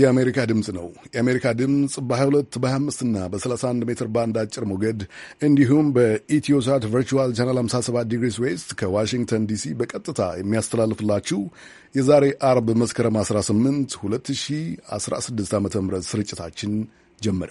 የአሜሪካ ድምፅ ነው። የአሜሪካ ድምፅ በ22 በ25ና በ31 ሜትር ባንድ አጭር ሞገድ እንዲሁም በኢትዮሳት ቨርቹዋል ቻናል 57 ዲግሪስ ዌስት ከዋሽንግተን ዲሲ በቀጥታ የሚያስተላልፍላችሁ የዛሬ አርብ መስከረም 18 2016 ዓ ም ስርጭታችን ጀመረ።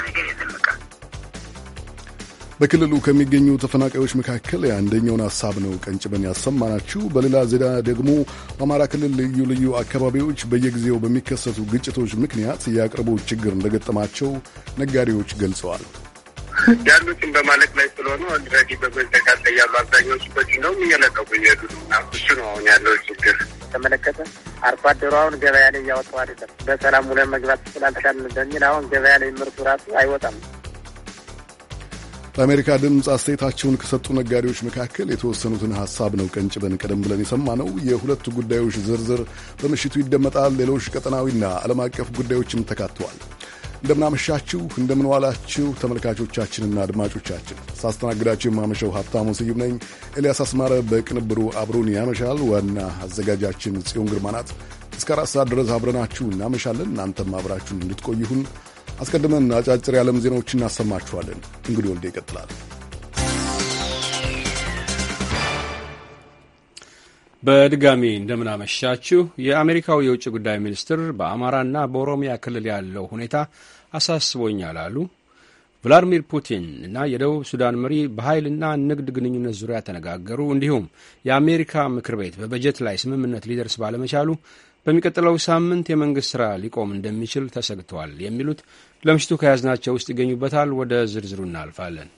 በክልሉ ከሚገኙ ተፈናቃዮች መካከል የአንደኛውን ሀሳብ ነው ቀንጭበን ያሰማናችሁ። በሌላ ዜና ደግሞ በአማራ ክልል ልዩ ልዩ አካባቢዎች በየጊዜው በሚከሰቱ ግጭቶች ምክንያት የአቅርቦት ችግር እንደገጠማቸው ነጋዴዎች ገልጸዋል። ያሉትን በማለት ላይ ስለሆነ ኦልሬዲ በመዘጋት ላይ ያሉ አብዛኛዎች በዚህ ነው እየለቀቁ እየሄዱ እሱ ነው አሁን ያለው ችግር ተመለከተ አርሶ አደሩ አሁን ገበያ ላይ እያወጣው አይደለም። በሰላም ውለን መግባት ስላልቻልን በሚል አሁን ገበያ ላይ ምርቱ ራሱ አይወጣም። ለአሜሪካ ድምፅ አስተያየታቸውን ከሰጡ ነጋዴዎች መካከል የተወሰኑትን ሀሳብ ነው ቀንጭበን ቀደም ብለን ነው። የሁለቱ ጉዳዮች ዝርዝር በምሽቱ ይደመጣል። ሌሎች ቀጠናዊና ዓለም አቀፍ ጉዳዮችም ተካተዋል። እንደምናመሻችሁ፣ እንደምንዋላችሁ ተመልካቾቻችንና አድማጮቻችን ሳስተናግዳችሁ የማመሸው ሀብታሙ ስዩም ነኝ። ኤልያስ አስማረ በቅንብሩ አብሮን ያመሻል። ዋና አዘጋጃችን ጽዮን ግርማ ናት። እስከ አራት ሰዓት ድረስ አብረናችሁ እናመሻለን። እናንተም አብራችሁን እንድትቆይሁን አስቀድመን አጫጭር የዓለም ዜናዎችን እናሰማችኋለን። እንግዲህ ወልደ ይቀጥላል። በድጋሚ እንደምናመሻችሁ። የአሜሪካው የውጭ ጉዳይ ሚኒስትር በአማራና በኦሮሚያ ክልል ያለው ሁኔታ አሳስቦኛል አሉ። ቭላዲሚር ፑቲን እና የደቡብ ሱዳን መሪ በኃይልና ንግድ ግንኙነት ዙሪያ ተነጋገሩ። እንዲሁም የአሜሪካ ምክር ቤት በበጀት ላይ ስምምነት ሊደርስ ባለመቻሉ በሚቀጥለው ሳምንት የመንግሥት ሥራ ሊቆም እንደሚችል ተሰግተዋል የሚሉት ለምሽቱ ከያዝናቸው ውስጥ ይገኙበታል። ወደ ዝርዝሩ እናልፋለን።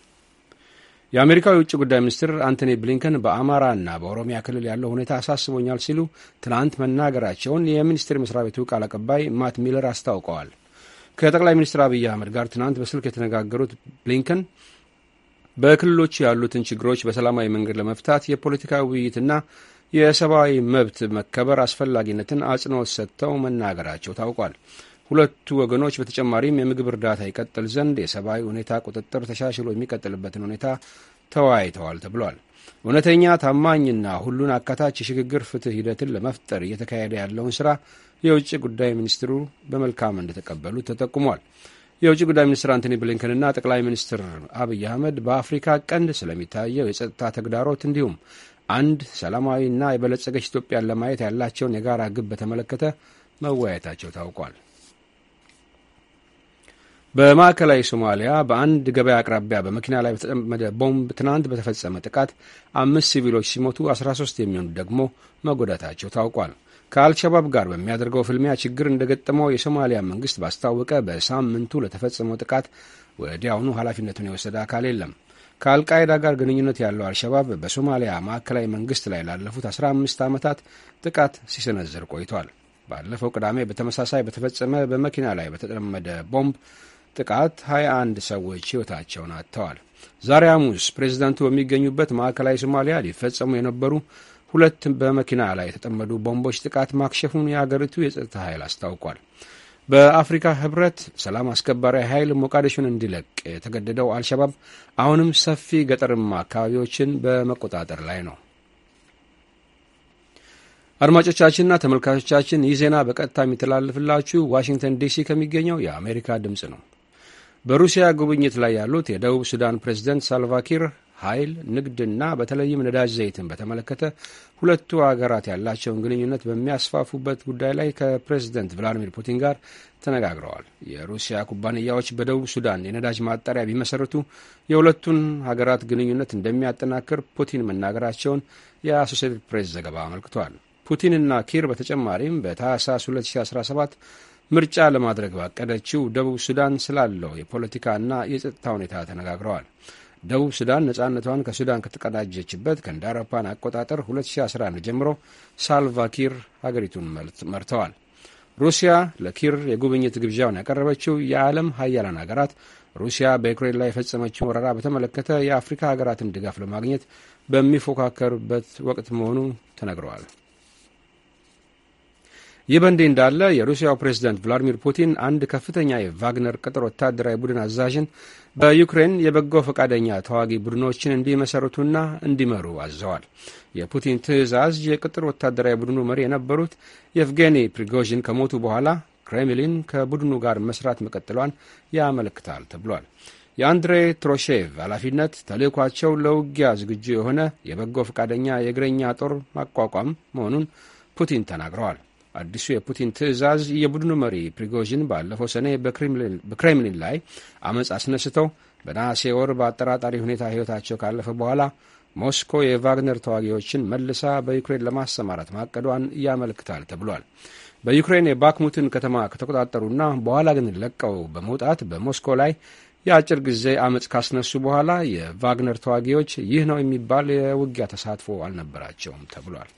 የአሜሪካው የውጭ ጉዳይ ሚኒስትር አንቶኒ ብሊንከን በአማራና በኦሮሚያ ክልል ያለው ሁኔታ አሳስቦኛል ሲሉ ትናንት መናገራቸውን የሚኒስቴር መስሪያ ቤቱ ቃል አቀባይ ማት ሚለር አስታውቀዋል። ከጠቅላይ ሚኒስትር አብይ አህመድ ጋር ትናንት በስልክ የተነጋገሩት ብሊንከን በክልሎቹ ያሉትን ችግሮች በሰላማዊ መንገድ ለመፍታት የፖለቲካ ውይይትና የሰብአዊ መብት መከበር አስፈላጊነትን አጽንኦት ሰጥተው መናገራቸው ታውቋል። ሁለቱ ወገኖች በተጨማሪም የምግብ እርዳታ ይቀጥል ዘንድ የሰብአዊ ሁኔታ ቁጥጥር ተሻሽሎ የሚቀጥልበትን ሁኔታ ተወያይተዋል ተብሏል። እውነተኛ ታማኝና ሁሉን አካታች የሽግግር ፍትህ ሂደትን ለመፍጠር እየተካሄደ ያለውን ስራ የውጭ ጉዳይ ሚኒስትሩ በመልካም እንደተቀበሉ ተጠቁሟል። የውጭ ጉዳይ ሚኒስትር አንቶኒ ብሊንከንና ጠቅላይ ሚኒስትር አብይ አህመድ በአፍሪካ ቀንድ ስለሚታየው የጸጥታ ተግዳሮት እንዲሁም አንድ ሰላማዊና የበለጸገች ኢትዮጵያን ለማየት ያላቸውን የጋራ ግብ በተመለከተ መወያየታቸው ታውቋል። በማዕከላዊ ሶማሊያ በአንድ ገበያ አቅራቢያ በመኪና ላይ በተጠመደ ቦምብ ትናንት በተፈጸመ ጥቃት አምስት ሲቪሎች ሲሞቱ 13 የሚሆኑ ደግሞ መጎዳታቸው ታውቋል። ከአልሸባብ ጋር በሚያደርገው ፍልሚያ ችግር እንደገጠመው የሶማሊያ መንግስት ባስታወቀ በሳምንቱ ለተፈጸመው ጥቃት ወዲያውኑ ኃላፊነቱን የወሰደ አካል የለም። ከአልቃይዳ ጋር ግንኙነት ያለው አልሸባብ በሶማሊያ ማዕከላዊ መንግስት ላይ ላለፉት 15 ዓመታት ጥቃት ሲሰነዝር ቆይቷል። ባለፈው ቅዳሜ በተመሳሳይ በተፈጸመ በመኪና ላይ በተጠመደ ቦምብ ጥቃት 21 ሰዎች ሕይወታቸውን አጥተዋል። ዛሬ ሐሙስ ፕሬዚዳንቱ በሚገኙበት ማዕከላዊ ሶማሊያ ሊፈጸሙ የነበሩ ሁለት በመኪና ላይ የተጠመዱ ቦምቦች ጥቃት ማክሸፉን የአገሪቱ የጸጥታ ኃይል አስታውቋል። በአፍሪካ ህብረት ሰላም አስከባሪ ኃይል ሞቃዲሾን እንዲለቅ የተገደደው አልሸባብ አሁንም ሰፊ ገጠርማ አካባቢዎችን በመቆጣጠር ላይ ነው። አድማጮቻችንና ተመልካቾቻችን ይህ ዜና በቀጥታ የሚተላለፍላችሁ ዋሽንግተን ዲሲ ከሚገኘው የአሜሪካ ድምፅ ነው። በሩሲያ ጉብኝት ላይ ያሉት የደቡብ ሱዳን ፕሬዝደንት ሳልቫኪር ኃይል፣ ንግድና በተለይም ነዳጅ ዘይትን በተመለከተ ሁለቱ አገራት ያላቸውን ግንኙነት በሚያስፋፉበት ጉዳይ ላይ ከፕሬዚደንት ቭላዲሚር ፑቲን ጋር ተነጋግረዋል። የሩሲያ ኩባንያዎች በደቡብ ሱዳን የነዳጅ ማጣሪያ ቢመሰረቱ የሁለቱን ሀገራት ግንኙነት እንደሚያጠናክር ፑቲን መናገራቸውን የአሶሴትድ ፕሬስ ዘገባ አመልክቷል። ፑቲንና ኪር በተጨማሪም በታህሳስ 2017 ምርጫ ለማድረግ ባቀደችው ደቡብ ሱዳን ስላለው የፖለቲካና የጸጥታ ሁኔታ ተነጋግረዋል። ደቡብ ሱዳን ነጻነቷን ከሱዳን ከተቀዳጀችበት ከእንደ አቆጣጠር 2011 ጀምሮ ሳልቫኪር ሀገሪቱን መርተዋል። ሩሲያ ለኪር የጉብኝት ግብዣውን ያቀረበችው የዓለም ሀያላን ሀገራት ሩሲያ በዩክሬን ላይ የፈጸመችውን ወረራ በተመለከተ የአፍሪካ ሀገራትን ድጋፍ ለማግኘት በሚፎካከርበት ወቅት መሆኑ ተነግረዋል። ይህ በእንዲህ እንዳለ የሩሲያው ፕሬዚደንት ቭላዲሚር ፑቲን አንድ ከፍተኛ የቫግነር ቅጥር ወታደራዊ ቡድን አዛዥን በዩክሬን የበጎ ፈቃደኛ ተዋጊ ቡድኖችን እንዲመሰርቱና እንዲመሩ አዘዋል። የፑቲን ትዕዛዝ የቅጥር ወታደራዊ ቡድኑ መሪ የነበሩት የቭጌኒ ፕሪጎዥን ከሞቱ በኋላ ክሬምሊን ከቡድኑ ጋር መስራት መቀጠሏን ያመለክታል ተብሏል። የአንድሬ ትሮሼቭ ኃላፊነት ተልእኳቸው ለውጊያ ዝግጁ የሆነ የበጎ ፈቃደኛ የእግረኛ ጦር ማቋቋም መሆኑን ፑቲን ተናግረዋል። አዲሱ የፑቲን ትዕዛዝ የቡድኑ መሪ ፕሪጎዥን ባለፈው ሰኔ በክሬምሊን ላይ አመፅ አስነስተው በነሐሴ ወር በአጠራጣሪ ሁኔታ ሕይወታቸው ካለፈ በኋላ ሞስኮ የቫግነር ተዋጊዎችን መልሳ በዩክሬን ለማሰማራት ማቀዷን ያመለክታል ተብሏል። በዩክሬን የባክሙትን ከተማ ከተቆጣጠሩና በኋላ ግን ለቀው በመውጣት በሞስኮ ላይ የአጭር ጊዜ አመፅ ካስነሱ በኋላ የቫግነር ተዋጊዎች ይህ ነው የሚባል የውጊያ ተሳትፎ አልነበራቸውም ተብሏል።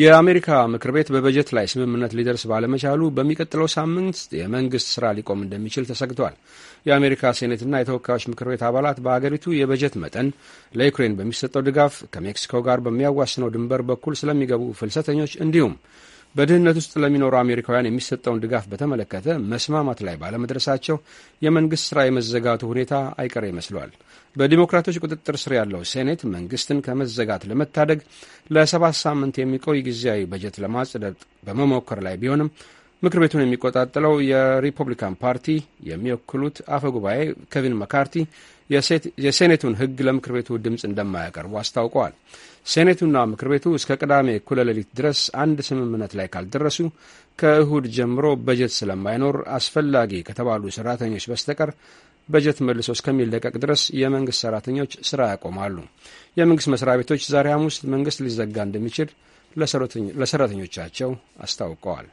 የአሜሪካ ምክር ቤት በበጀት ላይ ስምምነት ሊደርስ ባለመቻሉ በሚቀጥለው ሳምንት የመንግስት ስራ ሊቆም እንደሚችል ተሰግቷል። የአሜሪካ ሴኔትና የተወካዮች ምክር ቤት አባላት በአገሪቱ የበጀት መጠን ለዩክሬን በሚሰጠው ድጋፍ፣ ከሜክሲኮ ጋር በሚያዋስነው ድንበር በኩል ስለሚገቡ ፍልሰተኞች እንዲሁም በድህነት ውስጥ ለሚኖሩ አሜሪካውያን የሚሰጠውን ድጋፍ በተመለከተ መስማማት ላይ ባለመድረሳቸው የመንግስት ስራ የመዘጋቱ ሁኔታ አይቀሬ ይመስሏል። በዲሞክራቶች ቁጥጥር ስር ያለው ሴኔት መንግስትን ከመዘጋት ለመታደግ ለሰባት ሳምንት የሚቆይ ጊዜያዊ በጀት ለማጽደቅ በመሞከር ላይ ቢሆንም ምክር ቤቱን የሚቆጣጠለው የሪፐብሊካን ፓርቲ የሚወክሉት አፈ ጉባኤ ኬቪን መካርቲ የሴኔቱን ህግ ለምክር ቤቱ ድምፅ እንደማያቀርቡ አስታውቀዋል። ሴኔቱና ምክር ቤቱ እስከ ቅዳሜ እኩለ ሌሊት ድረስ አንድ ስምምነት ላይ ካልደረሱ ከእሁድ ጀምሮ በጀት ስለማይኖር አስፈላጊ ከተባሉ ሰራተኞች በስተቀር በጀት መልሶ እስከሚለቀቅ ድረስ የመንግሥት ሰራተኞች ሥራ ያቆማሉ። የመንግሥት መስሪያ ቤቶች ዛሬ ሐሙስ መንግሥት ሊዘጋ እንደሚችል ለሰራተኞቻቸው አስታውቀዋል።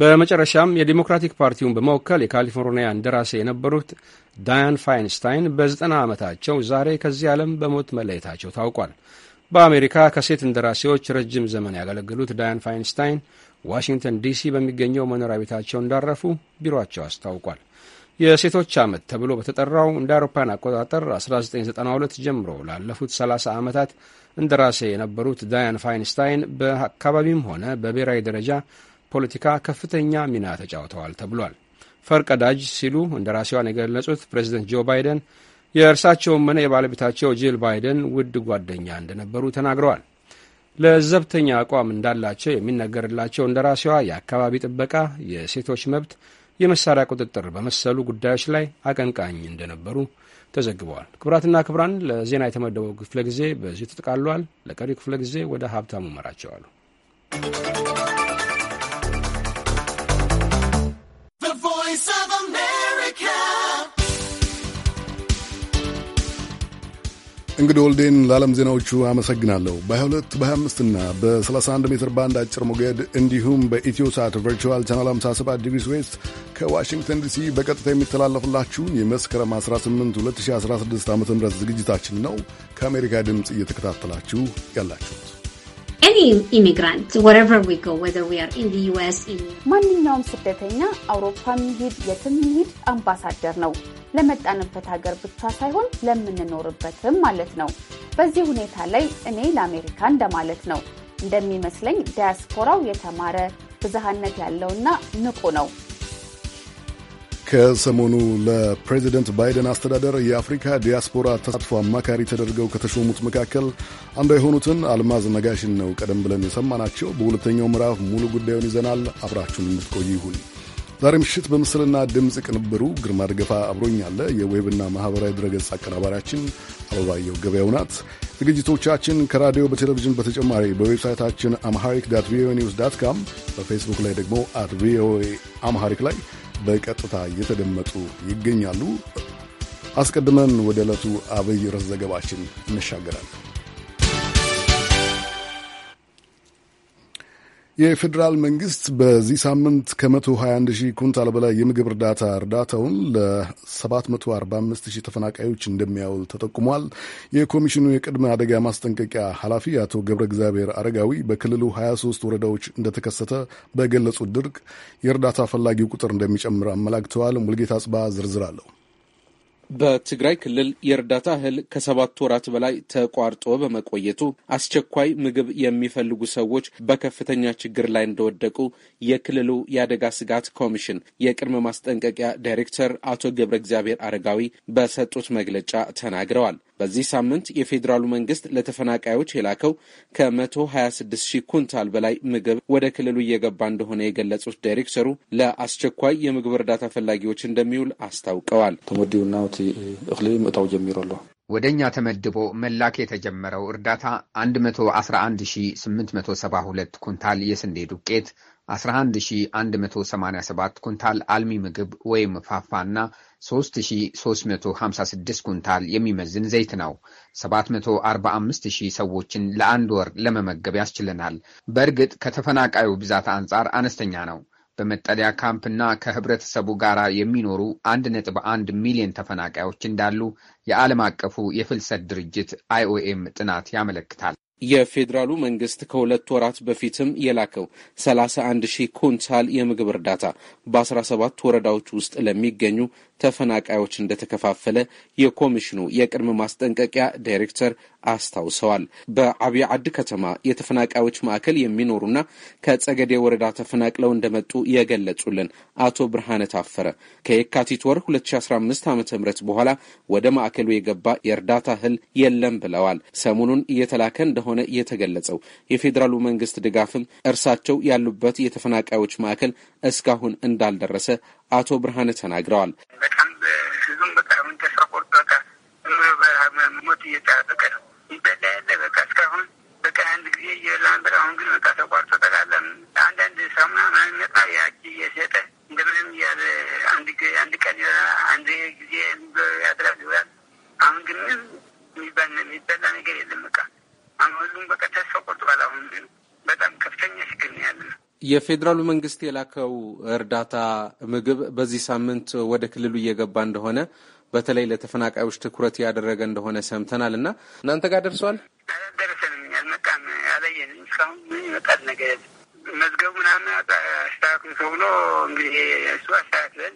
በመጨረሻም የዲሞክራቲክ ፓርቲውን በመወከል የካሊፎርኒያ እንደራሴ የነበሩት ዳያን ፋይንስታይን በዘጠና ዓመታቸው ዛሬ ከዚህ ዓለም በሞት መለየታቸው ታውቋል። በአሜሪካ ከሴት እንደራሴዎች ረጅም ዘመን ያገለገሉት ዳያን ፋይንስታይን ዋሽንግተን ዲሲ በሚገኘው መኖሪያ ቤታቸው እንዳረፉ ቢሮቸው አስታውቋል። የሴቶች ዓመት ተብሎ በተጠራው እንደ አውሮፓን አቆጣጠር 1992 ጀምሮ ላለፉት 30 ዓመታት እንደራሴ የነበሩት ዳያን ፋይንስታይን በአካባቢም ሆነ በብሔራዊ ደረጃ ፖለቲካ ከፍተኛ ሚና ተጫውተዋል ተብሏል። ፈርቀዳጅ ሲሉ እንደ ራሲዋን የገለጹት ፕሬዚደንት ጆ ባይደን የእርሳቸውም ሆነ የባለቤታቸው ጂል ባይደን ውድ ጓደኛ እንደነበሩ ተናግረዋል። ለዘብተኛ አቋም እንዳላቸው የሚነገርላቸው ራሴዋ የአካባቢ ጥበቃ፣ የሴቶች መብት፣ የመሳሪያ ቁጥጥር በመሰሉ ጉዳዮች ላይ አቀንቃኝ እንደነበሩ ተዘግበዋል። ክቡራትና ክቡራን ለዜና የተመደበው ክፍለ ጊዜ በዚሁ ተጠቃሏል። ለቀሪው ክፍለ ጊዜ ወደ ሀብታሙ መራቸዋሉ። Voice of America. እንግዲህ ወልዴን ለዓለም ዜናዎቹ አመሰግናለሁ። በ22 በ25 እና በ31 ሜትር ባንድ አጭር ሞገድ እንዲሁም ሳት ቨርቹዋል ቻናል 57 ዲግሪስ ዌስት ከዋሽንግተን ዲሲ በቀጥታ የሚተላለፍላችሁን የመስከረም 18 2016 ዓ ም ዝግጅታችን ነው ከአሜሪካ ድምፅ እየተከታተላችሁ ያላችሁት። ማንኛውም ስደተኛ አውሮፓ ሚሄድ የትም ሚሄድ አምባሳደር ነው። ለመጣንበት ሀገር ብቻ ሳይሆን ለምንኖርበትም ማለት ነው። በዚህ ሁኔታ ላይ እኔ ለአሜሪካ እንደማለት ነው። እንደሚመስለኝ ዲያስፖራው የተማረ ብዝሃነት ያለውና ንቁ ነው። ከሰሞኑ ለፕሬዚደንት ባይደን አስተዳደር የአፍሪካ ዲያስፖራ ተሳትፎ አማካሪ ተደርገው ከተሾሙት መካከል አንዱ የሆኑትን አልማዝ ነጋሽን ነው ቀደም ብለን የሰማናቸው። በሁለተኛው ምዕራፍ ሙሉ ጉዳዩን ይዘናል። አብራችሁን እንድትቆዩ ይሁን። ዛሬ ምሽት በምስልና ድምፅ ቅንብሩ ግርማ ድገፋ አብሮኛለ። የዌብና ማኅበራዊ ድረገጽ አቀናባሪያችን አበባየሁ ገበያው ናት። ዝግጅቶቻችን ከራዲዮ በቴሌቪዥን በተጨማሪ በዌብሳይታችን አምሃሪክ ዳት ቪኦኤ ኒውስ ዳት ካም፣ በፌስቡክ ላይ ደግሞ አት ቪኦኤ አምሃሪክ ላይ በቀጥታ እየተደመጡ ይገኛሉ። አስቀድመን ወደ ዕለቱ አብይ ርዕስ ዘገባችን እንሻገራለን። የፌዴራል መንግስት በዚህ ሳምንት ከ121 ሺህ ኩንታል በላይ የምግብ እርዳታ እርዳታውን ለ745 ሺህ ተፈናቃዮች እንደሚያውል ተጠቁሟል። የኮሚሽኑ የቅድመ አደጋ ማስጠንቀቂያ ኃላፊ አቶ ገብረ እግዚአብሔር አረጋዊ በክልሉ 23 ወረዳዎች እንደተከሰተ በገለጹት ድርቅ የእርዳታ ፈላጊው ቁጥር እንደሚጨምር አመላክተዋል። ሙልጌታ ጽባ ዝርዝር አለው። በትግራይ ክልል የእርዳታ እህል ከሰባት ወራት በላይ ተቋርጦ በመቆየቱ አስቸኳይ ምግብ የሚፈልጉ ሰዎች በከፍተኛ ችግር ላይ እንደወደቁ የክልሉ የአደጋ ስጋት ኮሚሽን የቅድመ ማስጠንቀቂያ ዳይሬክተር አቶ ገብረ እግዚአብሔር አረጋዊ በሰጡት መግለጫ ተናግረዋል። በዚህ ሳምንት የፌዴራሉ መንግስት ለተፈናቃዮች የላከው ከ126 ሺህ ኩንታል በላይ ምግብ ወደ ክልሉ እየገባ እንደሆነ የገለጹት ዳይሬክተሩ ለአስቸኳይ የምግብ እርዳታ ፈላጊዎች እንደሚውል አስታውቀዋል። ተመዲውና እክሊ ምእጣው ጀሚሩ ወደ እኛ ተመድቦ መላክ የተጀመረው እርዳታ 111872 ኩንታል የስንዴ ዱቄት 11187 ኩንታል አልሚ ምግብ ወይም ፋፋና 3356 ኩንታል የሚመዝን ዘይት ነው። 745000 ሰዎችን ለአንድ ወር ለመመገብ ያስችለናል። በእርግጥ ከተፈናቃዩ ብዛት አንጻር አነስተኛ ነው። በመጠለያ ካምፕና ከህብረተሰቡ ጋር የሚኖሩ 1.1 ሚሊዮን ተፈናቃዮች እንዳሉ የዓለም አቀፉ የፍልሰት ድርጅት አይኦኤም ጥናት ያመለክታል። የፌዴራሉ መንግስት ከሁለት ወራት በፊትም የላከው 31 ሺህ ኩንታል የምግብ እርዳታ በ17 ወረዳዎች ውስጥ ለሚገኙ ተፈናቃዮች እንደተከፋፈለ የኮሚሽኑ የቅድመ ማስጠንቀቂያ ዳይሬክተር አስታውሰዋል። በአብይ አዲ ከተማ የተፈናቃዮች ማዕከል የሚኖሩና ከጸገዴ ወረዳ ተፈናቅለው እንደመጡ የገለጹልን አቶ ብርሃነ ታፈረ ከየካቲት ወር 2015 ዓ ም በኋላ ወደ ማዕከሉ የገባ የእርዳታ እህል የለም ብለዋል። ሰሞኑን እየተላከ እንደሆነ የተገለጸው የፌዴራሉ መንግስት ድጋፍም እርሳቸው ያሉበት የተፈናቃዮች ማዕከል እስካሁን እንዳልደረሰ አቶ ብርሃነ ተናግረዋል። በጣም ህዝቡም በቃ ተሰቆርጦ በቃ ሞት እየጠበቀ ነው ይበላ ያለ በቃ እስካሁን በቃ አንድ ጊዜ አሁን ግን በቃ ተቋርጦ ጠቃለ አንዳንድ ሳሙና ያቺ እንደምንም እያለ አንድ ቀን አንድ ጊዜ ያድራል ይውላል። አሁን ግን የሚባል የሚበላ ነገር የለም። በቃ አሁን በቃ ተስፋ አሁን በጣም ከፍተኛ ችግር ነው ያለ ነው። የፌዴራሉ መንግስት የላከው እርዳታ ምግብ በዚህ ሳምንት ወደ ክልሉ እየገባ እንደሆነ በተለይ ለተፈናቃዮች ትኩረት ያደረገ እንደሆነ ሰምተናል እና እናንተ ጋር ደርሰዋል? ደረሰንም አልመጣም፣ አላየንም። እስካሁን ይመጣል ነገር መዝገቡ ምናምን አስተካክሉ ተብሎ እንግዲህ እሱ አስተካክለን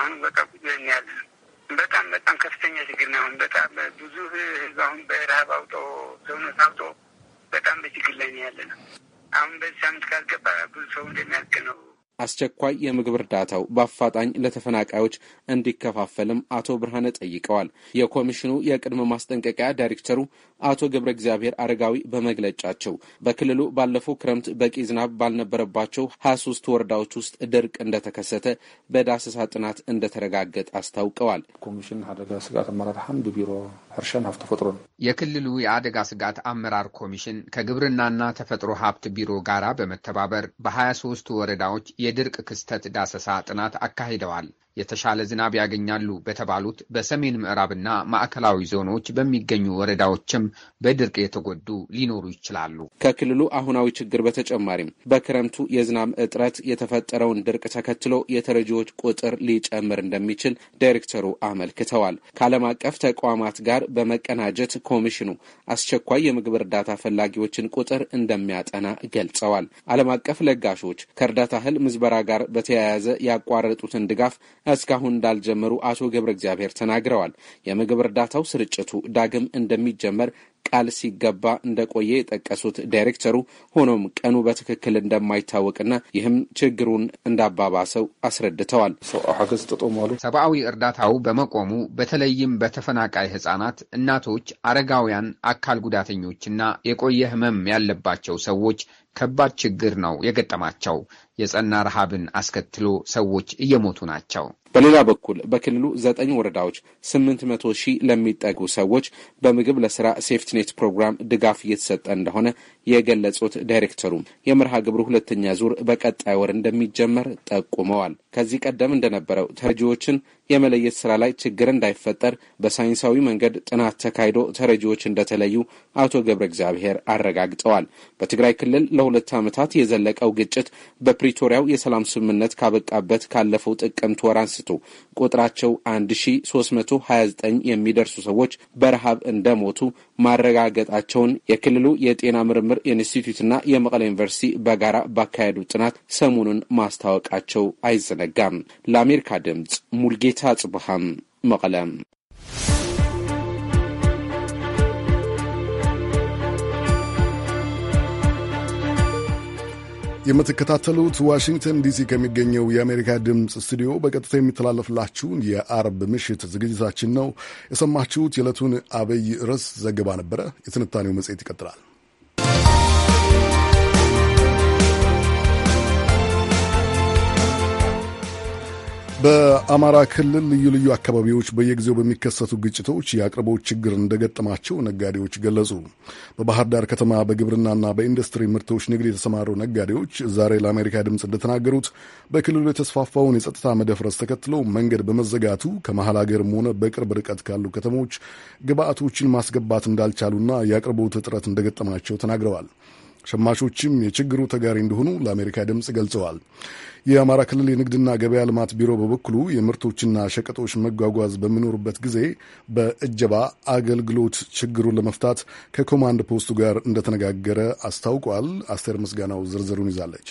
አሁን በቃ ቁጭ ያለ በጣም በጣም ከፍተኛ ችግር ነው። አሁን በጣም ብዙ ህዝብ አሁን በረሀብ አውጦ ሰውነት አውጦ በጣም በችግር ላይ ነው ያለ ነው። አሁን በዚህ ሳምንት ካልገባ ብዙ ሰው እንደሚያልቅ ነው። አስቸኳይ የምግብ እርዳታው በአፋጣኝ ለተፈናቃዮች እንዲከፋፈልም አቶ ብርሃነ ጠይቀዋል። የኮሚሽኑ የቅድመ ማስጠንቀቂያ ዳይሬክተሩ አቶ ገብረ እግዚአብሔር አረጋዊ በመግለጫቸው በክልሉ ባለፈው ክረምት በቂ ዝናብ ባልነበረባቸው ሶስት ወረዳዎች ውስጥ ድርቅ እንደተከሰተ በዳሰሳ ጥናት እንደተረጋገጠ አስታውቀዋል። ኮሚሽን አደጋ ስጋት አመራርሃን ቢሮ እርሻን ሀብት ተፈጥሮ ነው። የክልሉ የአደጋ ስጋት አመራር ኮሚሽን ከግብርናና ተፈጥሮ ሀብት ቢሮ ጋራ በመተባበር በ23 ወረዳዎች የድርቅ ክስተት ዳሰሳ ጥናት አካሂደዋል። የተሻለ ዝናብ ያገኛሉ በተባሉት በሰሜን ምዕራብና ማዕከላዊ ዞኖች በሚገኙ ወረዳዎችም በድርቅ የተጎዱ ሊኖሩ ይችላሉ። ከክልሉ አሁናዊ ችግር በተጨማሪም በክረምቱ የዝናብ እጥረት የተፈጠረውን ድርቅ ተከትሎ የተረጂዎች ቁጥር ሊጨምር እንደሚችል ዳይሬክተሩ አመልክተዋል። ከዓለም አቀፍ ተቋማት ጋር በመቀናጀት ኮሚሽኑ አስቸኳይ የምግብ እርዳታ ፈላጊዎችን ቁጥር እንደሚያጠና ገልጸዋል። ዓለም አቀፍ ለጋሾች ከእርዳታ እህል ምዝበራ ጋር በተያያዘ ያቋረጡትን ድጋፍ እስካሁን እንዳልጀመሩ አቶ ገብረ እግዚአብሔር ተናግረዋል። የምግብ እርዳታው ስርጭቱ ዳግም እንደሚጀመር ቃል ሲገባ እንደቆየ የጠቀሱት ዳይሬክተሩ፣ ሆኖም ቀኑ በትክክል እንደማይታወቅና ይህም ችግሩን እንዳባባሰው አስረድተዋል። ሰብአዊ እርዳታው በመቆሙ በተለይም በተፈናቃይ ህጻናት፣ እናቶች፣ አረጋውያን፣ አካል ጉዳተኞችና የቆየ ህመም ያለባቸው ሰዎች ከባድ ችግር ነው የገጠማቸው። የጸና ረሃብን አስከትሎ ሰዎች እየሞቱ ናቸው። በሌላ በኩል በክልሉ ዘጠኝ ወረዳዎች ስምንት መቶ ሺህ ለሚጠጉ ሰዎች በምግብ ለስራ ሴፍትኔት ፕሮግራም ድጋፍ እየተሰጠ እንደሆነ የገለጹት ዳይሬክተሩ የመርሃ ግብሩ ሁለተኛ ዙር በቀጣይ ወር እንደሚጀመር ጠቁመዋል። ከዚህ ቀደም እንደነበረው ተረጂዎችን የመለየት ስራ ላይ ችግር እንዳይፈጠር በሳይንሳዊ መንገድ ጥናት ተካሂዶ ተረጂዎች እንደተለዩ አቶ ገብረ እግዚአብሔር አረጋግጠዋል። በትግራይ ክልል ለሁለት ዓመታት የዘለቀው ግጭት በፕሪቶሪያው የሰላም ስምምነት ካበቃበት ካለፈው ጥቅምት ወር አንስቶ ቁጥራቸው 1329 የሚደርሱ ሰዎች በረሃብ እንደሞቱ ማረጋገጣቸውን የክልሉ የጤና ምርምር ኢንስቲትዩትና የመቀለ ዩኒቨርሲቲ በጋራ ባካሄዱ ጥናት ሰሞኑን ማስታወቃቸው አይዘነጋም። ለአሜሪካ ድምፅ ሙልጌታ ጽቡሃም መቀለም የምትከታተሉት ዋሽንግተን ዲሲ ከሚገኘው የአሜሪካ ድምፅ ስቱዲዮ በቀጥታ የሚተላለፍላችሁን የአርብ ምሽት ዝግጅታችን ነው። የሰማችሁት የዕለቱን አበይ ርዕስ ዘገባ ነበረ። የትንታኔው መጽሔት ይቀጥላል። በአማራ ክልል ልዩ ልዩ አካባቢዎች በየጊዜው በሚከሰቱ ግጭቶች የአቅርቦት ችግር እንደገጠማቸው ነጋዴዎች ገለጹ። በባህር ዳር ከተማ በግብርናና በኢንዱስትሪ ምርቶች ንግድ የተሰማሩ ነጋዴዎች ዛሬ ለአሜሪካ ድምፅ እንደተናገሩት በክልሉ የተስፋፋውን የጸጥታ መደፍረስ ተከትሎ መንገድ በመዘጋቱ ከመሀል ሀገርም ሆነ በቅርብ ርቀት ካሉ ከተሞች ግብአቶችን ማስገባት እንዳልቻሉና የአቅርቦት እጥረት እንደገጠማቸው ተናግረዋል። ሸማቾችም የችግሩ ተጋሪ እንደሆኑ ለአሜሪካ ድምፅ ገልጸዋል። የአማራ ክልል የንግድና ገበያ ልማት ቢሮ በበኩሉ የምርቶችና ሸቀጦች መጓጓዝ በሚኖርበት ጊዜ በእጀባ አገልግሎት ችግሩን ለመፍታት ከኮማንድ ፖስቱ ጋር እንደተነጋገረ አስታውቋል። አስቴር ምስጋናው ዝርዝሩን ይዛለች።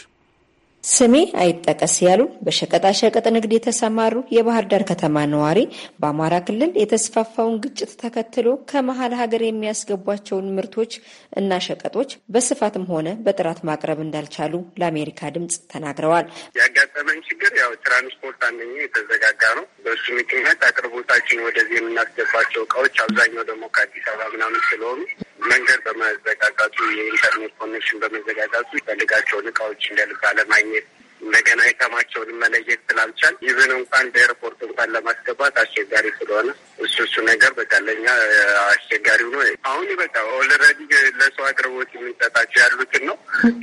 ስሜ አይጠቀስ ያሉ በሸቀጣሸቀጥ ንግድ የተሰማሩ የባህር ዳር ከተማ ነዋሪ በአማራ ክልል የተስፋፋውን ግጭት ተከትሎ ከመሀል ሀገር የሚያስገቧቸውን ምርቶች እና ሸቀጦች በስፋትም ሆነ በጥራት ማቅረብ እንዳልቻሉ ለአሜሪካ ድምጽ ተናግረዋል። ያጋጠመን ችግር ያው ትራንስፖርት አንደኛ የተዘጋጋ ነው። በእሱ ምክንያት አቅርቦታችን ወደዚህ የምናስገባቸው እቃዎች አብዛኛው ደግሞ ከአዲስ አበባ ምናምን ስለሆኑ መንገድ በመዘጋጋቱ የኢንተርኔት ኮኔክሽን በመዘጋጋቱ ይፈልጋቸውን እቃዎች እንደልብ አለማግኘት እንደገና የካማቸውን መለየት ስላልቻል ይብን እንኳን በኤርፖርት እንኳን ለማስገባት አስቸጋሪ ስለሆነ እሱ እሱ ነገር በቃ ለእኛ አስቸጋሪው ነው። አሁን በቃ ኦልረዲ ለሰው አቅርቦት የምንሰጣቸው ያሉትን ነው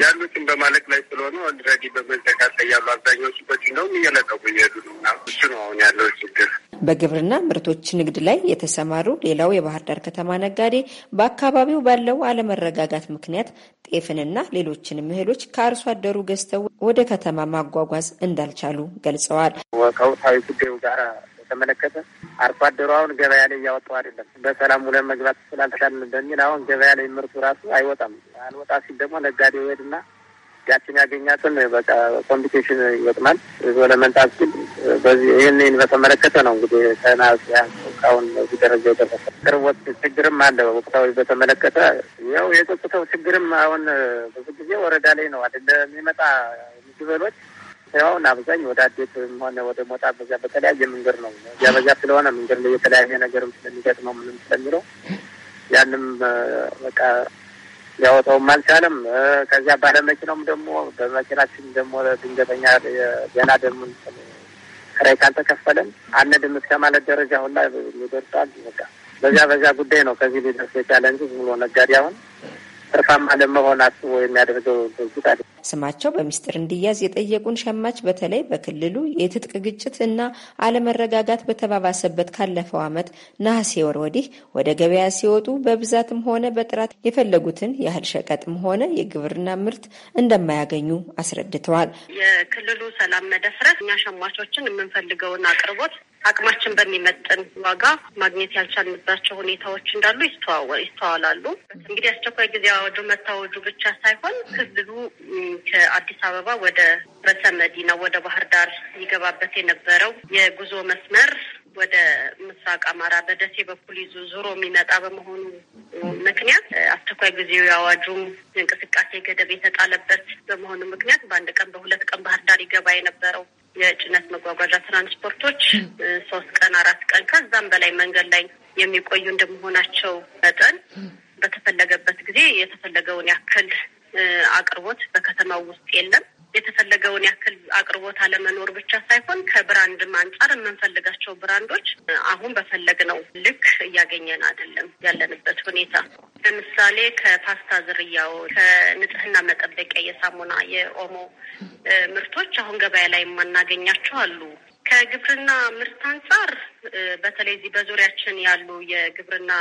ያሉትን በማለቅ ላይ ስለሆነ ኦልረዲ በመዘጋት ላይ ያሉ አብዛኛዎች በት እንደውም እየለቀቁ እየሄዱ ነው። እሱ ነው አሁን ያለው ችግር። በግብርና ምርቶች ንግድ ላይ የተሰማሩ ሌላው የባህር ዳር ከተማ ነጋዴ በአካባቢው ባለው አለመረጋጋት ምክንያት ጤፍንና ሌሎችንም እህሎች ከአርሶ አደሩ ገዝተው ወደ ከተማ ማጓጓዝ እንዳልቻሉ ገልጸዋል። ከወቅታዊ ጉዳዩ ጋር በተመለከተ አርሶ አደሩ አሁን ገበያ ላይ እያወጣው አይደለም። በሰላም ውለን መግባት ስላልቻልን በሚል አሁን ገበያ ላይ ምርቱ ራሱ አይወጣም። አልወጣ ሲል ደግሞ ነጋዴ ይሄድና ጋችን ያገኛትን በቃ ኮምፒቴሽን ይወጥማል ዞ ለመንጣት ሲል በዚህ ይህንን በተመለከተ ነው እንግዲህ ተናስ ያሁን በዚህ ደረጃ የደረሰ ቅርቦት ችግርም አለ። ወቅታዊ በተመለከተ ያው የጸጥታው ችግርም አሁን ብዙ ጊዜ ወረዳ ላይ ነው አደለ የሚመጣ ግበሎች ስራውን አብዛኝ ወደ አዴትም ሆነ ወደ ሞጣ በዛ በተለያየ መንገድ ነው ያበዛ ስለሆነ መንገድ ላይ የተለያየ ነገርም ስለሚገጥመው ምንም ስለሚለው ያንም በቃ ሊያወጣውም አልቻለም። ከዚያ ባለመኪናውም ደግሞ በመኪናችን ደግሞ ድንገተኛ ገና ደግሞ ክራይ ካልተከፈለን አንድም እስከ ማለት ደረጃ ሁላ ይደርሳል። በቃ በዛ በዛ ጉዳይ ነው ከዚህ ሊደርስ የቻለ እንጂ ዝም ብሎ ነጋዴ አሁን ትርፋማ ለመሆን አስቦ የሚያደርገው ድርጅት አለ ስማቸው በሚስጥር እንዲያዝ የጠየቁን ሸማች በተለይ በክልሉ የትጥቅ ግጭት እና አለመረጋጋት በተባባሰበት ካለፈው ዓመት ነሐሴ ወር ወዲህ ወደ ገበያ ሲወጡ በብዛትም ሆነ በጥራት የፈለጉትን ያህል ሸቀጥም ሆነ የግብርና ምርት እንደማያገኙ አስረድተዋል። የክልሉ ሰላም መደፍረስ እኛ ሸማቾችን የምንፈልገውን አቅርቦት አቅማችን በሚመጥን ዋጋ ማግኘት ያልቻልንባቸው ሁኔታዎች እንዳሉ ይስተዋላሉ። እንግዲህ አስቸኳይ ጊዜ አዋጁ መታወጁ ብቻ ሳይሆን ክልሉ ከአዲስ አበባ ወደ ርዕሰ መዲና ወደ ባህር ዳር ይገባበት የነበረው የጉዞ መስመር ወደ ምስራቅ አማራ በደሴ በኩል ይዞ ዞሮ የሚመጣ በመሆኑ ምክንያት አስቸኳይ ጊዜ የአዋጁም የእንቅስቃሴ ገደብ የተጣለበት በመሆኑ ምክንያት በአንድ ቀን በሁለት ቀን ባህር ዳር ይገባ የነበረው የጭነት መጓጓዣ ትራንስፖርቶች ሶስት ቀን አራት ቀን ከዛም በላይ መንገድ ላይ የሚቆዩ እንደመሆናቸው መጠን በተፈለገበት ጊዜ የተፈለገውን ያክል አቅርቦት በከተማው ውስጥ የለም። የተፈለገውን ያክል አቅርቦት አለመኖር ብቻ ሳይሆን ከብራንድም አንጻር የምንፈልጋቸው ብራንዶች አሁን በፈለግነው ልክ እያገኘን አይደለም ያለንበት ሁኔታ። ለምሳሌ ከፓስታ ዝርያው፣ ከንጽህና መጠበቂያ የሳሙና የኦሞ ምርቶች አሁን ገበያ ላይ የማናገኛቸው አሉ። ከግብርና ምርት አንጻር በተለይ እዚህ በዙሪያችን ያሉ የግብርና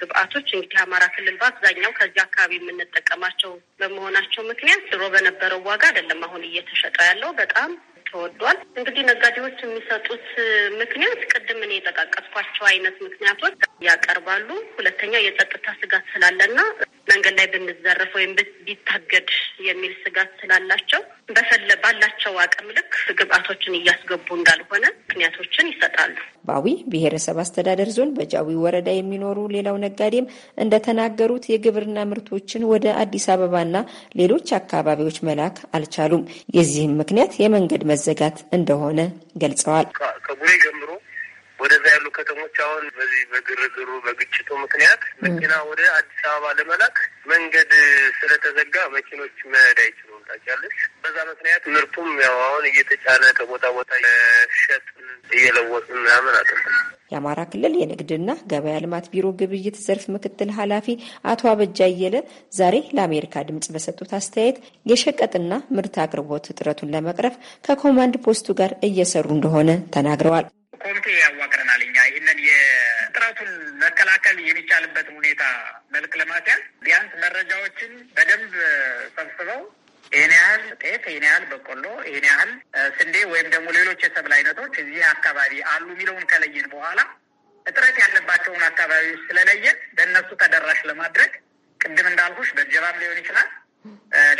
ግብአቶች እንግዲህ አማራ ክልል በአብዛኛው ከዚህ አካባቢ የምንጠቀማቸው በመሆናቸው ምክንያት ድሮ በነበረው ዋጋ አይደለም አሁን እየተሸጠ ያለው በጣም ተወዷል። እንግዲህ ነጋዴዎች የሚሰጡት ምክንያት ቅድም እኔ የጠቃቀስኳቸው አይነት ምክንያቶች ያቀርባሉ። ሁለተኛ የጸጥታ ስጋት ስላለና መንገድ ላይ ብንዘረፍ ወይም ቢታገድ የሚል ስጋት ስላላቸው በፈለ ባላቸው አቅም ልክ ግብአቶችን እያስገቡ እንዳልሆነ ምክንያቶችን ይሰጣሉ። በአዊ ብሔረሰብ አስተዳደር ዞን በጃዊ ወረዳ የሚኖሩ ሌላው ነጋዴም እንደተናገሩት የግብርና ምርቶችን ወደ አዲስ አበባና ሌሎች አካባቢዎች መላክ አልቻሉም። የዚህም ምክንያት የመንገድ መዘጋት እንደሆነ ገልጸዋል። ከቡሬ ጀምሮ ወደዛ ያሉ ከተሞች አሁን በዚህ በግርግሩ በግጭቱ ምክንያት መኪና ወደ አዲስ አበባ ለመላክ መንገድ ስለተዘጋ መኪኖች መሄድ አይችሉም። ታውቂያለሽ። በዛ ምክንያት ምርቱም ያው አሁን እየተጫነ ከቦታ ቦታ ሸጥ እየለወጡ ምናምን አይደለም። የአማራ ክልል የንግድና ገበያ ልማት ቢሮ ግብይት ዘርፍ ምክትል ኃላፊ አቶ አበጃ አየለ ዛሬ ለአሜሪካ ድምጽ በሰጡት አስተያየት የሸቀጥና ምርት አቅርቦት እጥረቱን ለመቅረፍ ከኮማንድ ፖስቱ ጋር እየሰሩ እንደሆነ ተናግረዋል። ኮሚቴ ያዋቅረናል። እኛ ይህንን የጥረቱን መከላከል የሚቻልበትን ሁኔታ መልክ ለማስያዝ ቢያንስ መረጃዎችን በደንብ ሰብስበው ይህን ያህል ጤፍ፣ ይህን ያህል በቆሎ፣ ይህን ያህል ስንዴ ወይም ደግሞ ሌሎች የሰብል አይነቶች እዚህ አካባቢ አሉ የሚለውን ከለየን በኋላ እጥረት ያለባቸውን አካባቢዎች ስለለየን በእነሱ ተደራሽ ለማድረግ ቅድም እንዳልኩሽ በጀባም ሊሆን ይችላል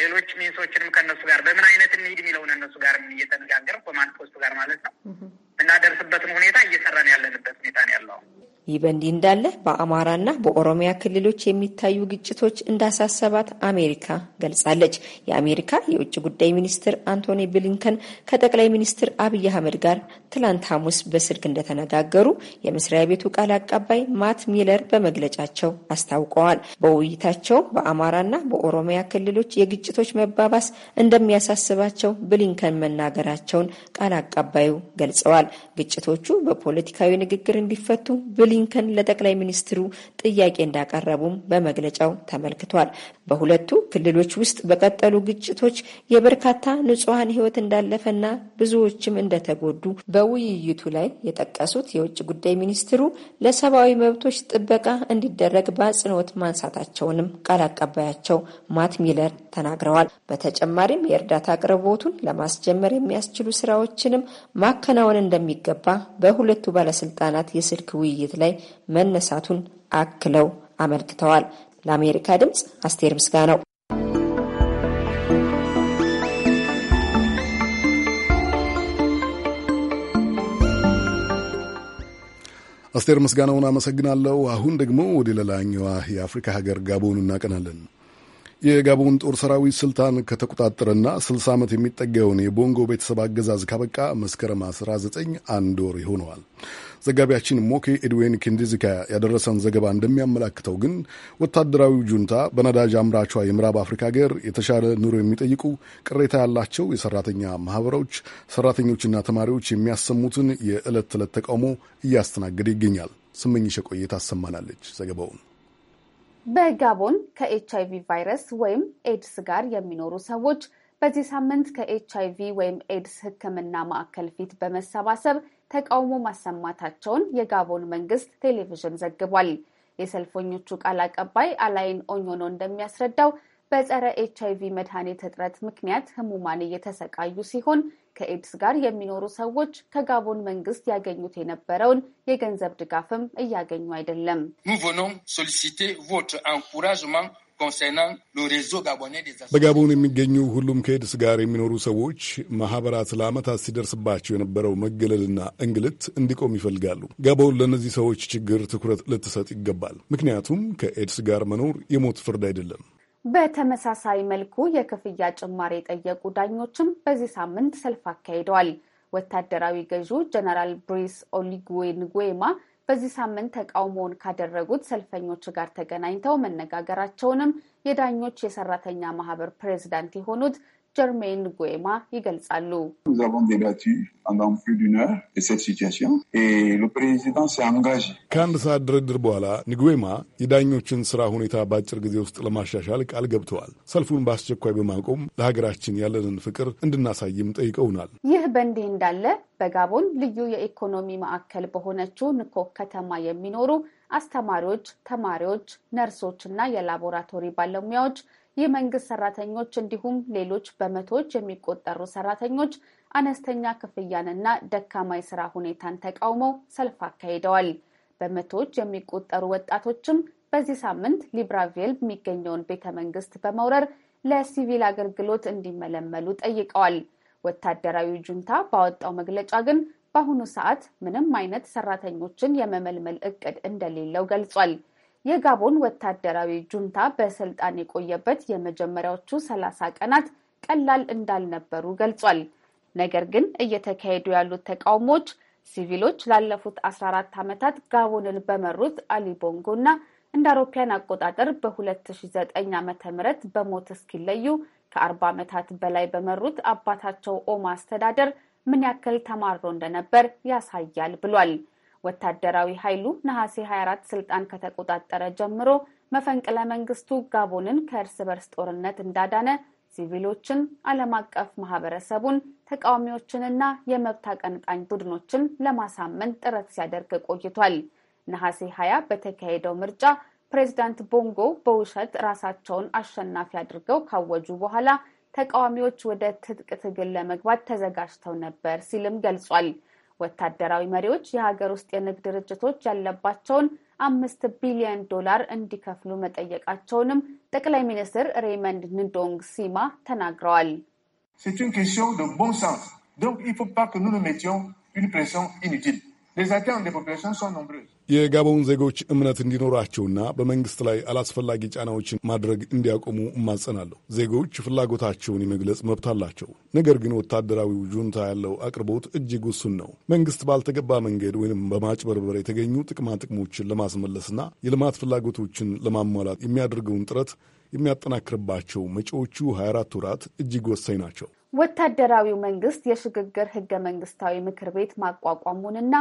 ሌሎች ሚንሶችንም ከእነሱ ጋር በምን አይነት እንሂድ የሚለውን እነሱ ጋር እየተነጋገርን ኮማንድ ፖስቱ ጋር ማለት ነው የምናደርስበትን ሁኔታ እየሰራን ያለንበት ሁኔታ ነው ያለው። ይህ በእንዲህ እንዳለ በአማራና በኦሮሚያ ክልሎች የሚታዩ ግጭቶች እንዳሳሰባት አሜሪካ ገልጻለች። የአሜሪካ የውጭ ጉዳይ ሚኒስትር አንቶኒ ብሊንከን ከጠቅላይ ሚኒስትር አብይ አህመድ ጋር ትላንት ሐሙስ በስልክ እንደተነጋገሩ የመስሪያ ቤቱ ቃል አቀባይ ማት ሚለር በመግለጫቸው አስታውቀዋል። በውይይታቸው በአማራና በኦሮሚያ ክልሎች የግጭቶች መባባስ እንደሚያሳስባቸው ብሊንከን መናገራቸውን ቃል አቀባዩ ገልጸዋል። ግጭቶቹ በፖለቲካዊ ንግግር እንዲፈቱ ብሊ ብሊንከን ለጠቅላይ ሚኒስትሩ ጥያቄ እንዳቀረቡም በመግለጫው ተመልክቷል። በሁለቱ ክልሎች ውስጥ በቀጠሉ ግጭቶች የበርካታ ንጹሐን ህይወት እንዳለፈና ብዙዎችም እንደተጎዱ በውይይቱ ላይ የጠቀሱት የውጭ ጉዳይ ሚኒስትሩ ለሰብአዊ መብቶች ጥበቃ እንዲደረግ በአጽንኦት ማንሳታቸውንም ቃል አቀባያቸው ማት ሚለር ተናግረዋል። በተጨማሪም የእርዳታ አቅርቦቱን ለማስጀመር የሚያስችሉ ስራዎችንም ማከናወን እንደሚገባ በሁለቱ ባለስልጣናት የስልክ ውይይት ላይ መነሳቱን አክለው አመልክተዋል። ለአሜሪካ ድምፅ አስቴር ምስጋናው። አስቴር ምስጋናውን አመሰግናለሁ። አሁን ደግሞ ወደ ሌላኛዋ የአፍሪካ ሀገር ጋቦን እናቀናለን። የጋቦን ጦር ሰራዊት ስልጣን ከተቆጣጠረና 60 ዓመት የሚጠጋውን የቦንጎ ቤተሰብ አገዛዝ ካበቃ መስከረም 19 አንድ ወር ይሆነዋል። ዘጋቢያችን ሞኬ ኤድዌን ኪንዲዚካ ያደረሰን ዘገባ እንደሚያመላክተው ግን ወታደራዊ ጁንታ በነዳጅ አምራቿ የምዕራብ አፍሪካ ሀገር የተሻለ ኑሮ የሚጠይቁ ቅሬታ ያላቸው የሰራተኛ ማህበሮች፣ ሰራተኞችና ተማሪዎች የሚያሰሙትን የዕለት ተዕለት ተቃውሞ እያስተናገደ ይገኛል። ስመኝሸ ቆየት አሰማናለች ዘገባውን። በጋቦን ከኤች አይቪ ቫይረስ ወይም ኤድስ ጋር የሚኖሩ ሰዎች በዚህ ሳምንት ከኤች አይቪ ወይም ኤድስ ሕክምና ማዕከል ፊት በመሰባሰብ ተቃውሞ ማሰማታቸውን የጋቦን መንግስት ቴሌቪዥን ዘግቧል። የሰልፈኞቹ ቃል አቀባይ አላይን ኦኞኖ እንደሚያስረዳው በጸረ ኤች አይቪ መድኃኒት እጥረት ምክንያት ህሙማን እየተሰቃዩ ሲሆን ከኤድስ ጋር የሚኖሩ ሰዎች ከጋቦን መንግስት ያገኙት የነበረውን የገንዘብ ድጋፍም እያገኙ አይደለም። በጋቦን የሚገኙ ሁሉም ከኤድስ ጋር የሚኖሩ ሰዎች ማህበራት ለዓመታት ሲደርስባቸው የነበረው መገለልና እንግልት እንዲቆም ይፈልጋሉ። ጋቦን ለእነዚህ ሰዎች ችግር ትኩረት ልትሰጥ ይገባል። ምክንያቱም ከኤድስ ጋር መኖር የሞት ፍርድ አይደለም። በተመሳሳይ መልኩ የክፍያ ጭማሪ የጠየቁ ዳኞችም በዚህ ሳምንት ሰልፍ አካሂደዋል። ወታደራዊ ገዢው ጀነራል ብሬስ ኦሊጉዌ ንጉዌማ በዚህ ሳምንት ተቃውሞውን ካደረጉት ሰልፈኞች ጋር ተገናኝተው መነጋገራቸውንም የዳኞች የሰራተኛ ማህበር ፕሬዝዳንት የሆኑት ጀርሜን ንጎማ ይገልጻሉ። ከአንድ ሰዓት ድርድር በኋላ ንጉዌማ የዳኞችን ስራ ሁኔታ በአጭር ጊዜ ውስጥ ለማሻሻል ቃል ገብተዋል። ሰልፉን በአስቸኳይ በማቆም ለሀገራችን ያለንን ፍቅር እንድናሳይም ጠይቀውናል። ይህ በእንዲህ እንዳለ በጋቦን ልዩ የኢኮኖሚ ማዕከል በሆነችው ንኮክ ከተማ የሚኖሩ አስተማሪዎች፣ ተማሪዎች፣ ነርሶች እና የላቦራቶሪ ባለሙያዎች የመንግስት ሰራተኞች እንዲሁም ሌሎች በመቶዎች የሚቆጠሩ ሰራተኞች አነስተኛ ክፍያንና ደካማ የስራ ሁኔታን ተቃውመው ሰልፍ አካሂደዋል። በመቶዎች የሚቆጠሩ ወጣቶችም በዚህ ሳምንት ሊብራቬል የሚገኘውን ቤተ መንግስት በመውረር ለሲቪል አገልግሎት እንዲመለመሉ ጠይቀዋል። ወታደራዊ ጁንታ ባወጣው መግለጫ ግን በአሁኑ ሰዓት ምንም አይነት ሰራተኞችን የመመልመል እቅድ እንደሌለው ገልጿል። የጋቦን ወታደራዊ ጁንታ በስልጣን የቆየበት የመጀመሪያዎቹ ሰላሳ ቀናት ቀላል እንዳልነበሩ ገልጿል። ነገር ግን እየተካሄዱ ያሉት ተቃውሞዎች ሲቪሎች ላለፉት 14 ዓመታት ጋቦንን በመሩት አሊ ቦንጎ እና እንደ አውሮፓያን አቆጣጠር በ2009 ዓ ም በሞት እስኪለዩ ከ40 ዓመታት በላይ በመሩት አባታቸው ኦማ አስተዳደር ምን ያክል ተማሮ እንደነበር ያሳያል ብሏል። ወታደራዊ ኃይሉ ነሐሴ 24 ስልጣን ከተቆጣጠረ ጀምሮ መፈንቅለ መንግስቱ ጋቦንን ከእርስ በርስ ጦርነት እንዳዳነ፣ ሲቪሎችን፣ ዓለም አቀፍ ማህበረሰቡን፣ ተቃዋሚዎችንና የመብት አቀንቃኝ ቡድኖችን ለማሳመን ጥረት ሲያደርግ ቆይቷል። ነሐሴ 20 በተካሄደው ምርጫ ፕሬዚዳንት ቦንጎ በውሸት ራሳቸውን አሸናፊ አድርገው ካወጁ በኋላ ተቃዋሚዎች ወደ ትጥቅ ትግል ለመግባት ተዘጋጅተው ነበር ሲልም ገልጿል። ወታደራዊ መሪዎች የሀገር ውስጥ የንግድ ድርጅቶች ያለባቸውን አምስት ቢሊዮን ዶላር እንዲከፍሉ መጠየቃቸውንም ጠቅላይ ሚኒስትር ሬይመንድ ንዶንግ ሲማ ተናግረዋል። ሴት ን ኬስዮን ደ ቦን ሳንስ ዶንክ ኢል ፎ ፓ ክ ኑ ኑ ሜቲዮን ኡን ፕሬሲዮን ኢኒቲል የጋቦን ዜጎች እምነት እንዲኖራቸውና በመንግስት ላይ አላስፈላጊ ጫናዎችን ማድረግ እንዲያቆሙ እማጸናለሁ። ዜጎች ፍላጎታቸውን የመግለጽ መብት አላቸው። ነገር ግን ወታደራዊው ጁንታ ያለው አቅርቦት እጅግ ውሱን ነው። መንግስት ባልተገባ መንገድ ወይም በማጭበርበር የተገኙ ጥቅማ ጥቅሞችን ለማስመለስና የልማት ፍላጎቶችን ለማሟላት የሚያደርገውን ጥረት የሚያጠናክርባቸው መጪዎቹ 24 ወራት እጅግ ወሳኝ ናቸው። ወታደራዊው መንግስት የሽግግር ህገ መንግስታዊ ምክር ቤት ማቋቋሙንና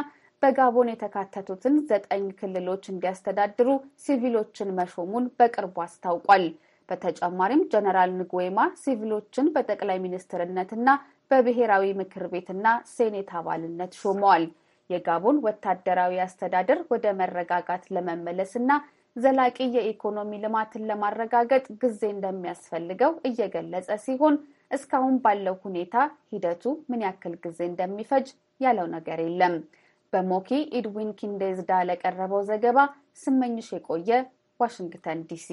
በጋቦን የተካተቱትን ዘጠኝ ክልሎች እንዲያስተዳድሩ ሲቪሎችን መሾሙን በቅርቡ አስታውቋል። በተጨማሪም ጀነራል ንጉዌማ ሲቪሎችን በጠቅላይ ሚኒስትርነትና በብሔራዊ ምክር ቤትና ሴኔት አባልነት ሾመዋል። የጋቦን ወታደራዊ አስተዳደር ወደ መረጋጋት ለመመለስና ዘላቂ የኢኮኖሚ ልማትን ለማረጋገጥ ጊዜ እንደሚያስፈልገው እየገለጸ ሲሆን እስካሁን ባለው ሁኔታ ሂደቱ ምን ያክል ጊዜ እንደሚፈጅ ያለው ነገር የለም። በሞኪ ኢድዊን ኪንዴዝዳ ለቀረበው ዘገባ ስመኝሽ የቆየ ዋሽንግተን ዲሲ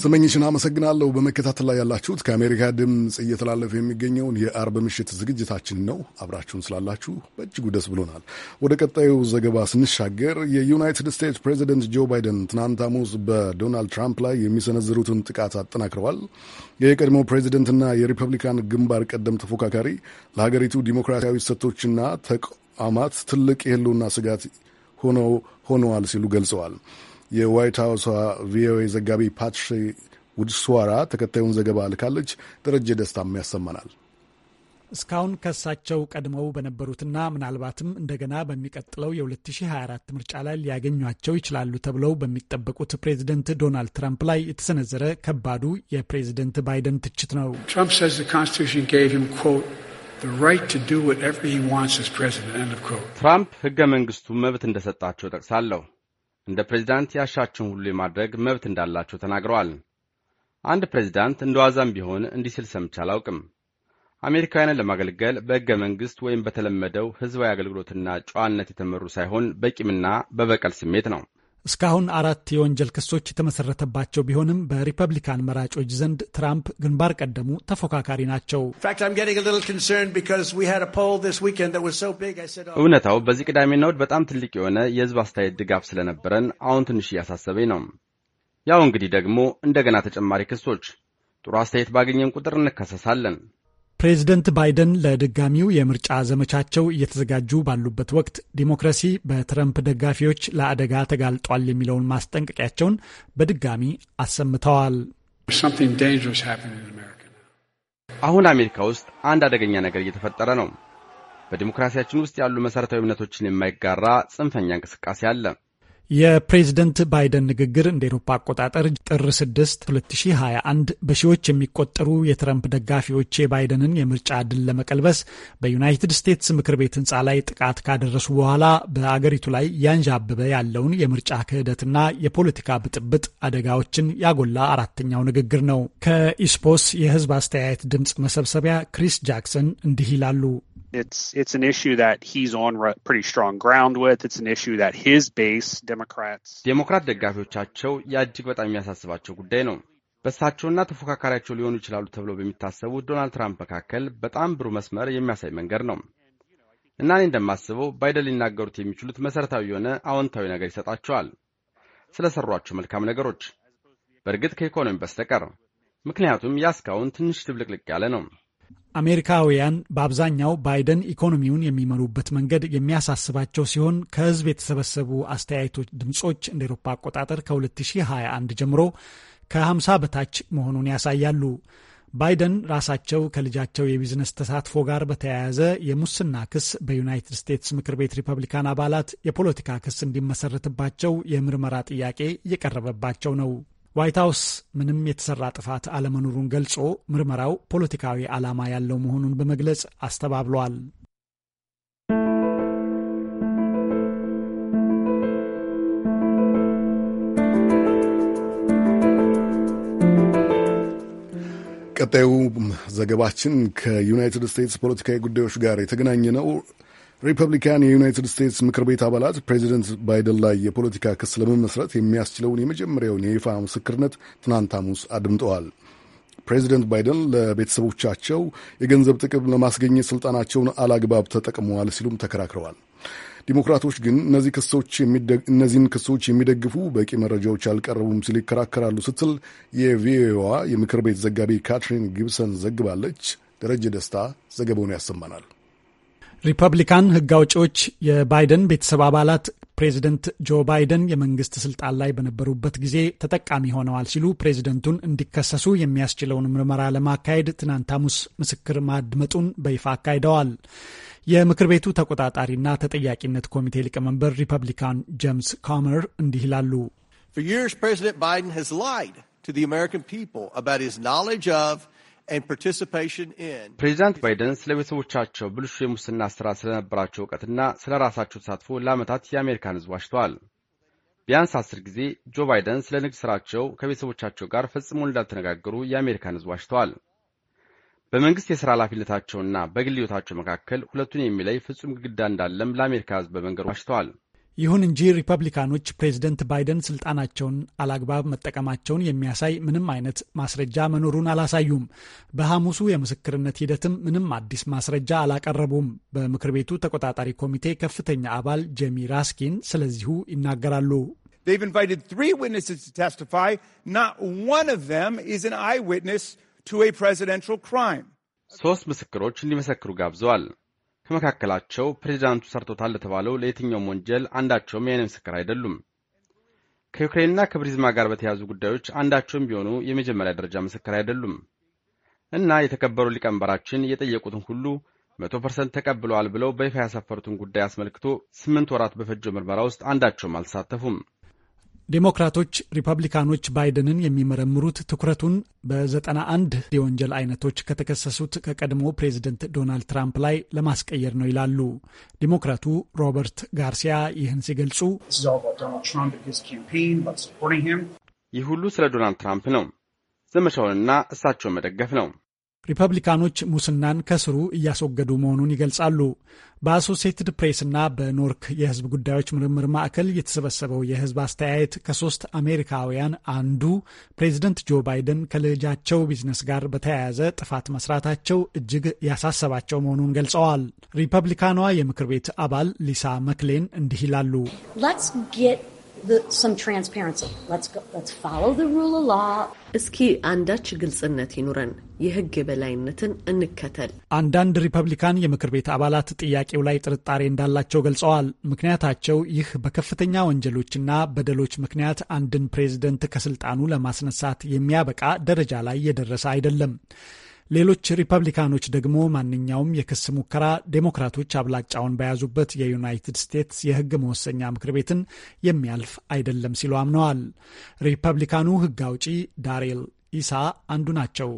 ስመኝሽን አመሰግናለሁ። በመከታተል ላይ ያላችሁት ከአሜሪካ ድምፅ እየተላለፈ የሚገኘውን የአርብ ምሽት ዝግጅታችን ነው። አብራችሁን ስላላችሁ በእጅጉ ደስ ብሎናል። ወደ ቀጣዩ ዘገባ ስንሻገር የዩናይትድ ስቴትስ ፕሬዚደንት ጆ ባይደን ትናንት ሐሙስ በዶናልድ ትራምፕ ላይ የሚሰነዝሩትን ጥቃት አጠናክረዋል። የቀድሞው ፕሬዚደንትና የሪፐብሊካን ግንባር ቀደም ተፎካካሪ ለሀገሪቱ ዲሞክራሲያዊ እሴቶችና ተቋማት ትልቅ የሕልውና ስጋት ሆነዋል ሲሉ ገልጸዋል። የዋይት ሀውሷ ቪኦኤ ዘጋቢ ፓትሪ ውድስዋራ ተከታዩን ዘገባ ልካለች። ደረጀ ደስታም ያሰማናል። እስካሁን ከሳቸው ቀድመው በነበሩትና ምናልባትም እንደገና በሚቀጥለው የ2024 ምርጫ ላይ ሊያገኟቸው ይችላሉ ተብለው በሚጠበቁት ፕሬዚደንት ዶናልድ ትራምፕ ላይ የተሰነዘረ ከባዱ የፕሬዚደንት ባይደን ትችት ነው። ትራምፕ ሕገ መንግስቱ መብት እንደሰጣቸው ጠቅሳለሁ። እንደ ፕሬዚዳንት ያሻቸውን ሁሉ የማድረግ መብት እንዳላቸው ተናግረዋል። አንድ ፕሬዚዳንት እንደ ዋዛም ቢሆን እንዲህ ስል ሰምቼ አላውቅም። አሜሪካውያንን ለማገልገል በሕገ መንግሥት ወይም በተለመደው ሕዝባዊ አገልግሎትና ጨዋነት የተመሩ ሳይሆን በቂምና በበቀል ስሜት ነው። እስካሁን አራት የወንጀል ክሶች የተመሰረተባቸው ቢሆንም በሪፐብሊካን መራጮች ዘንድ ትራምፕ ግንባር ቀደሙ ተፎካካሪ ናቸው። oh. እውነታው በዚህ ቅዳሜና እሁድ በጣም ትልቅ የሆነ የህዝብ አስተያየት ድጋፍ ስለነበረን አሁን ትንሽ እያሳሰበኝ ነው። ያው እንግዲህ ደግሞ እንደገና ተጨማሪ ክሶች፣ ጥሩ አስተያየት ባገኘን ቁጥር እንከሰሳለን። ፕሬዝደንት ባይደን ለድጋሚው የምርጫ ዘመቻቸው እየተዘጋጁ ባሉበት ወቅት ዲሞክራሲ በትረምፕ ደጋፊዎች ለአደጋ ተጋልጧል የሚለውን ማስጠንቀቂያቸውን በድጋሚ አሰምተዋል። አሁን አሜሪካ ውስጥ አንድ አደገኛ ነገር እየተፈጠረ ነው። በዲሞክራሲያችን ውስጥ ያሉ መሠረታዊ እምነቶችን የማይጋራ ጽንፈኛ እንቅስቃሴ አለ። የፕሬዝደንት ባይደን ንግግር እንደ ኤሮፓ አቆጣጠር ጥር 6 2021 በሺዎች የሚቆጠሩ የትረምፕ ደጋፊዎች የባይደንን የምርጫ ድል ለመቀልበስ በዩናይትድ ስቴትስ ምክር ቤት ህንፃ ላይ ጥቃት ካደረሱ በኋላ በአገሪቱ ላይ ያንዣበበ ያለውን የምርጫ ክህደትና የፖለቲካ ብጥብጥ አደጋዎችን ያጎላ አራተኛው ንግግር ነው። ከኢስፖስ የህዝብ አስተያየት ድምፅ መሰብሰቢያ ክሪስ ጃክሰን እንዲህ ይላሉ። It's it's an issue that he's on pretty strong ground with. It's an issue that his base Democrats ዴሞክራት ደጋፊዎቻቸው ያ በጣም የሚያሳስባቸው ጉዳይ ነው። በእሳቸውና ተፎካካሪያቸው ሊሆኑ ይችላሉ ተብሎ በሚታሰቡ ዶናልድ ትራምፕ መካከል በጣም ብሩህ መስመር የሚያሳይ መንገድ ነው እና እኔ እንደማስበው ባይደን ሊናገሩት የሚችሉት መሠረታዊ የሆነ አዎንታዊ ነገር ይሰጣቸዋል ስለ ሠሯቸው መልካም ነገሮች፣ በእርግጥ ከኢኮኖሚ በስተቀር ምክንያቱም ያ እስካሁን ትንሽ ድብልቅልቅ ያለ ነው። አሜሪካውያን በአብዛኛው ባይደን ኢኮኖሚውን የሚመሩበት መንገድ የሚያሳስባቸው ሲሆን ከህዝብ የተሰበሰቡ አስተያየቶች ድምፆች እንደ ኤሮፓ አቆጣጠር ከ2021 ጀምሮ ከ50 በታች መሆኑን ያሳያሉ። ባይደን ራሳቸው ከልጃቸው የቢዝነስ ተሳትፎ ጋር በተያያዘ የሙስና ክስ በዩናይትድ ስቴትስ ምክር ቤት ሪፐብሊካን አባላት የፖለቲካ ክስ እንዲመሰረትባቸው የምርመራ ጥያቄ እየቀረበባቸው ነው። ዋይት ሀውስ ምንም የተሰራ ጥፋት አለመኖሩን ገልጾ ምርመራው ፖለቲካዊ ዓላማ ያለው መሆኑን በመግለጽ አስተባብሏል። ቀጣዩ ዘገባችን ከዩናይትድ ስቴትስ ፖለቲካዊ ጉዳዮች ጋር የተገናኘ ነው። ሪፐብሊካን የዩናይትድ ስቴትስ ምክር ቤት አባላት ፕሬዚደንት ባይደን ላይ የፖለቲካ ክስ ለመመስረት የሚያስችለውን የመጀመሪያውን የይፋ ምስክርነት ትናንት ሐሙስ አድምጠዋል። ፕሬዚደንት ባይደን ለቤተሰቦቻቸው የገንዘብ ጥቅም ለማስገኘት ስልጣናቸውን አላግባብ ተጠቅመዋል ሲሉም ተከራክረዋል። ዲሞክራቶች ግን እነዚህን ክሶች የሚደግፉ በቂ መረጃዎች አልቀረቡም ሲል ይከራከራሉ ስትል የቪኦኤዋ የምክር ቤት ዘጋቢ ካትሪን ጊብሰን ዘግባለች። ደረጀ ደስታ ዘገባውን ያሰማናል። ሪፐብሊካን ህግ አውጪዎች የባይደን ቤተሰብ አባላት ፕሬዚደንት ጆ ባይደን የመንግስት ስልጣን ላይ በነበሩበት ጊዜ ተጠቃሚ ሆነዋል ሲሉ ፕሬዚደንቱን እንዲከሰሱ የሚያስችለውን ምርመራ ለማካሄድ ትናንት ሐሙስ ምስክር ማድመጡን በይፋ አካሂደዋል። የምክር ቤቱ ተቆጣጣሪና ተጠያቂነት ኮሚቴ ሊቀመንበር ሪፐብሊካን ጄምስ ኮመር እንዲህ ይላሉ። For years, President Biden has lied to the American people about his ፕሬዚዳንት ባይደን ስለ ቤተሰቦቻቸው ብልሹ የሙስና ስራ ስለነበራቸው እውቀትና ስለ ራሳቸው ተሳትፎ ለዓመታት የአሜሪካን ሕዝብ ዋሽተዋል። ቢያንስ አስር ጊዜ ጆ ባይደን ስለ ንግድ ሥራቸው ከቤተሰቦቻቸው ጋር ፈጽሞ እንዳልተነጋገሩ የአሜሪካን ሕዝብ ዋሽተዋል። በመንግሥት የሥራ ኃላፊነታቸውና በግል ሕይወታቸው መካከል ሁለቱን የሚለይ ፍጹም ግድግዳ እንዳለም ለአሜሪካ ሕዝብ በመንገድ ዋሽተዋል። ይሁን እንጂ ሪፐብሊካኖች ፕሬዝደንት ባይደን ስልጣናቸውን አላግባብ መጠቀማቸውን የሚያሳይ ምንም አይነት ማስረጃ መኖሩን አላሳዩም። በሐሙሱ የምስክርነት ሂደትም ምንም አዲስ ማስረጃ አላቀረቡም። በምክር ቤቱ ተቆጣጣሪ ኮሚቴ ከፍተኛ አባል ጄሚ ራስኪን ስለዚሁ ይናገራሉ። ሶስት ምስክሮች እንዲመሰክሩ ጋብዘዋል። ከመካከላቸው ፕሬዚዳንቱ ሰርቶታል ለተባለው ለየትኛውም ወንጀል አንዳቸውም የዓይን ምስክር አይደሉም። ከዩክሬንና ከብሪዝማ ጋር በተያዙ ጉዳዮች አንዳቸውም ቢሆኑ የመጀመሪያ ደረጃ ምስክር አይደሉም እና የተከበሩ ሊቀመንበራችን የጠየቁትን ሁሉ መቶ ፐርሰንት ተቀብለዋል ብለው በይፋ ያሰፈሩትን ጉዳይ አስመልክቶ ስምንት ወራት በፈጀው ምርመራ ውስጥ አንዳቸውም አልተሳተፉም። ዴሞክራቶች ሪፐብሊካኖች ባይደንን የሚመረምሩት ትኩረቱን በ91 የወንጀል አይነቶች ከተከሰሱት ከቀድሞ ፕሬዝደንት ዶናልድ ትራምፕ ላይ ለማስቀየር ነው ይላሉ። ዴሞክራቱ ሮበርት ጋርሲያ ይህን ሲገልጹ ይህ ሁሉ ስለ ዶናልድ ትራምፕ ነው፣ ዘመቻውንና እሳቸውን መደገፍ ነው። ሪፐብሊካኖች ሙስናን ከስሩ እያስወገዱ መሆኑን ይገልጻሉ። በአሶሴትድ እና በኖርክ የህዝብ ጉዳዮች ምርምር ማዕከል የተሰበሰበው የህዝብ አስተያየት ከሶስት አሜሪካውያን አንዱ ፕሬዚደንት ጆ ባይደን ከልጃቸው ቢዝነስ ጋር በተያያዘ ጥፋት መስራታቸው እጅግ ያሳሰባቸው መሆኑን ገልጸዋል። ሪፐብሊካኗ የምክር ቤት አባል ሊሳ መክሌን እንዲህ ይላሉ። some transparency. Let's go, let's follow the rule of law. እስኪ አንዳች ግልጽነት ይኑረን፣ የህግ የበላይነትን እንከተል። አንዳንድ ሪፐብሊካን የምክር ቤት አባላት ጥያቄው ላይ ጥርጣሬ እንዳላቸው ገልጸዋል። ምክንያታቸው ይህ በከፍተኛ ወንጀሎችና በደሎች ምክንያት አንድን ፕሬዝደንት ከስልጣኑ ለማስነሳት የሚያበቃ ደረጃ ላይ የደረሰ አይደለም። ሌሎች ሪፐብሊካኖች ደግሞ ማንኛውም የክስ ሙከራ ዴሞክራቶች አብላጫውን በያዙበት የዩናይትድ ስቴትስ የህግ መወሰኛ ምክር ቤትን የሚያልፍ አይደለም ሲሉ አምነዋል። ሪፐብሊካኑ ህግ አውጪ ዳሬል ኢሳ አንዱ ናቸው።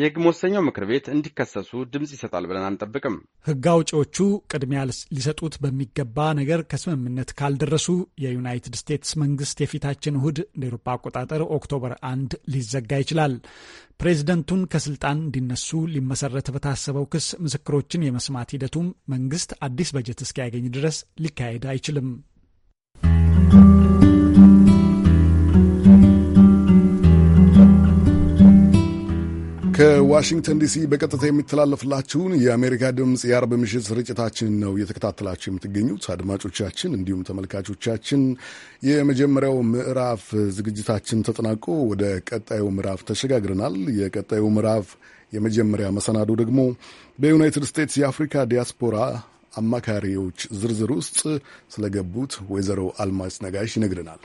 የሕግ መወሰኛው ምክር ቤት እንዲከሰሱ ድምፅ ይሰጣል ብለን አንጠብቅም። ሕግ አውጪዎቹ ቅድሚያ ሊሰጡት በሚገባ ነገር ከስምምነት ካልደረሱ የዩናይትድ ስቴትስ መንግስት የፊታችን እሁድ እንደ ኤሮፓ አቆጣጠር ኦክቶበር አንድ ሊዘጋ ይችላል። ፕሬዚደንቱን ከስልጣን እንዲነሱ ሊመሰረት በታሰበው ክስ ምስክሮችን የመስማት ሂደቱም መንግስት አዲስ በጀት እስኪያገኝ ድረስ ሊካሄድ አይችልም። ከዋሽንግተን ዲሲ በቀጥታ የሚተላለፍላችሁን የአሜሪካ ድምፅ የአርብ ምሽት ስርጭታችን ነው እየተከታተላችሁ የምትገኙት አድማጮቻችን፣ እንዲሁም ተመልካቾቻችን። የመጀመሪያው ምዕራፍ ዝግጅታችን ተጠናቆ ወደ ቀጣዩ ምዕራፍ ተሸጋግረናል። የቀጣዩ ምዕራፍ የመጀመሪያ መሰናዶ ደግሞ በዩናይትድ ስቴትስ የአፍሪካ ዲያስፖራ አማካሪዎች ዝርዝር ውስጥ ስለገቡት ወይዘሮ አልማስ ነጋሽ ይነግረናል።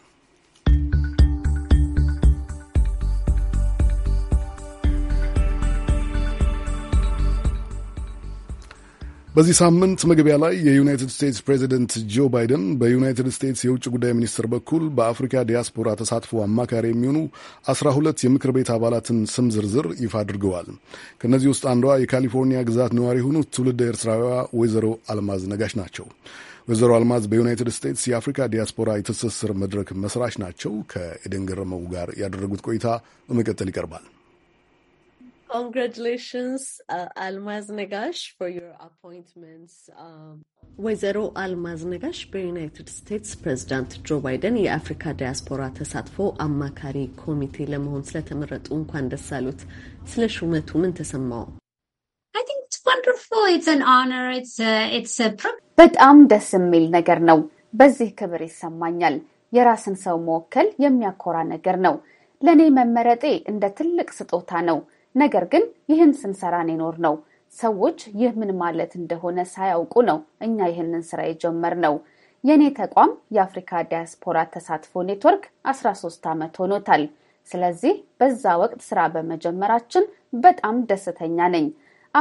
በዚህ ሳምንት መግቢያ ላይ የዩናይትድ ስቴትስ ፕሬዚደንት ጆ ባይደን በዩናይትድ ስቴትስ የውጭ ጉዳይ ሚኒስትር በኩል በአፍሪካ ዲያስፖራ ተሳትፎ አማካሪ የሚሆኑ አስራ ሁለት የምክር ቤት አባላትን ስም ዝርዝር ይፋ አድርገዋል። ከእነዚህ ውስጥ አንዷ የካሊፎርኒያ ግዛት ነዋሪ የሆኑት ትውልድ ኤርትራዊዋ ወይዘሮ አልማዝ ነጋሽ ናቸው። ወይዘሮ አልማዝ በዩናይትድ ስቴትስ የአፍሪካ ዲያስፖራ የትስስር መድረክ መስራች ናቸው። ከኤደን ገረመው ጋር ያደረጉት ቆይታ በመቀጠል ይቀርባል። አልማዝ ነጋሽ ወይዘሮ አልማዝ ነጋሽ በዩናይትድ ስቴትስ ፕሬዚዳንት ጆ ባይደን የአፍሪካ ዲያስፖራ ተሳትፎ አማካሪ ኮሚቴ ለመሆን ስለተመረጡ እንኳን ደስ አሉት። ስለ ሹመቱ ምን ተሰማው? በጣም ደስ የሚል ነገር ነው። በዚህ ክብር ይሰማኛል። የራስን ሰው መወከል የሚያኮራ ነገር ነው። ለእኔ መመረጤ እንደ ትልቅ ስጦታ ነው። ነገር ግን ይህን ስንሰራን የኖር ነው። ሰዎች ይህ ምን ማለት እንደሆነ ሳያውቁ ነው እኛ ይህንን ስራ ነው። የእኔ ተቋም የአፍሪካ ዲያስፖራ ተሳትፎ ኔትወርክ 13 ዓመት ሆኖታል። ስለዚህ በዛ ወቅት ስራ በመጀመራችን በጣም ደስተኛ ነኝ።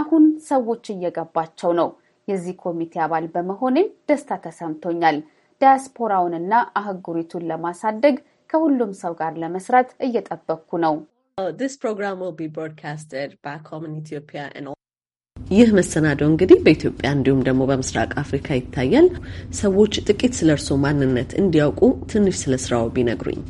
አሁን ሰዎች እየገባቸው ነው። የዚህ ኮሚቴ አባል በመሆኔም ደስታ ተሰምቶኛል። ዲያስፖራውንና አህጉሪቱን ለማሳደግ ከሁሉም ሰው ጋር ለመስራት እየጠበቅኩ ነው። Oh, this program will be broadcasted back home in Ethiopia and all. ይህ መሰናዶ እንግዲህ በኢትዮጵያ እንዲሁም ደግሞ በምስራቅ አፍሪካ ይታያል። ሰዎች ጥቂት ስለ እርስዎ ማንነት እንዲያውቁ ትንሽ ስለ ስራው ቢነግሩኝ።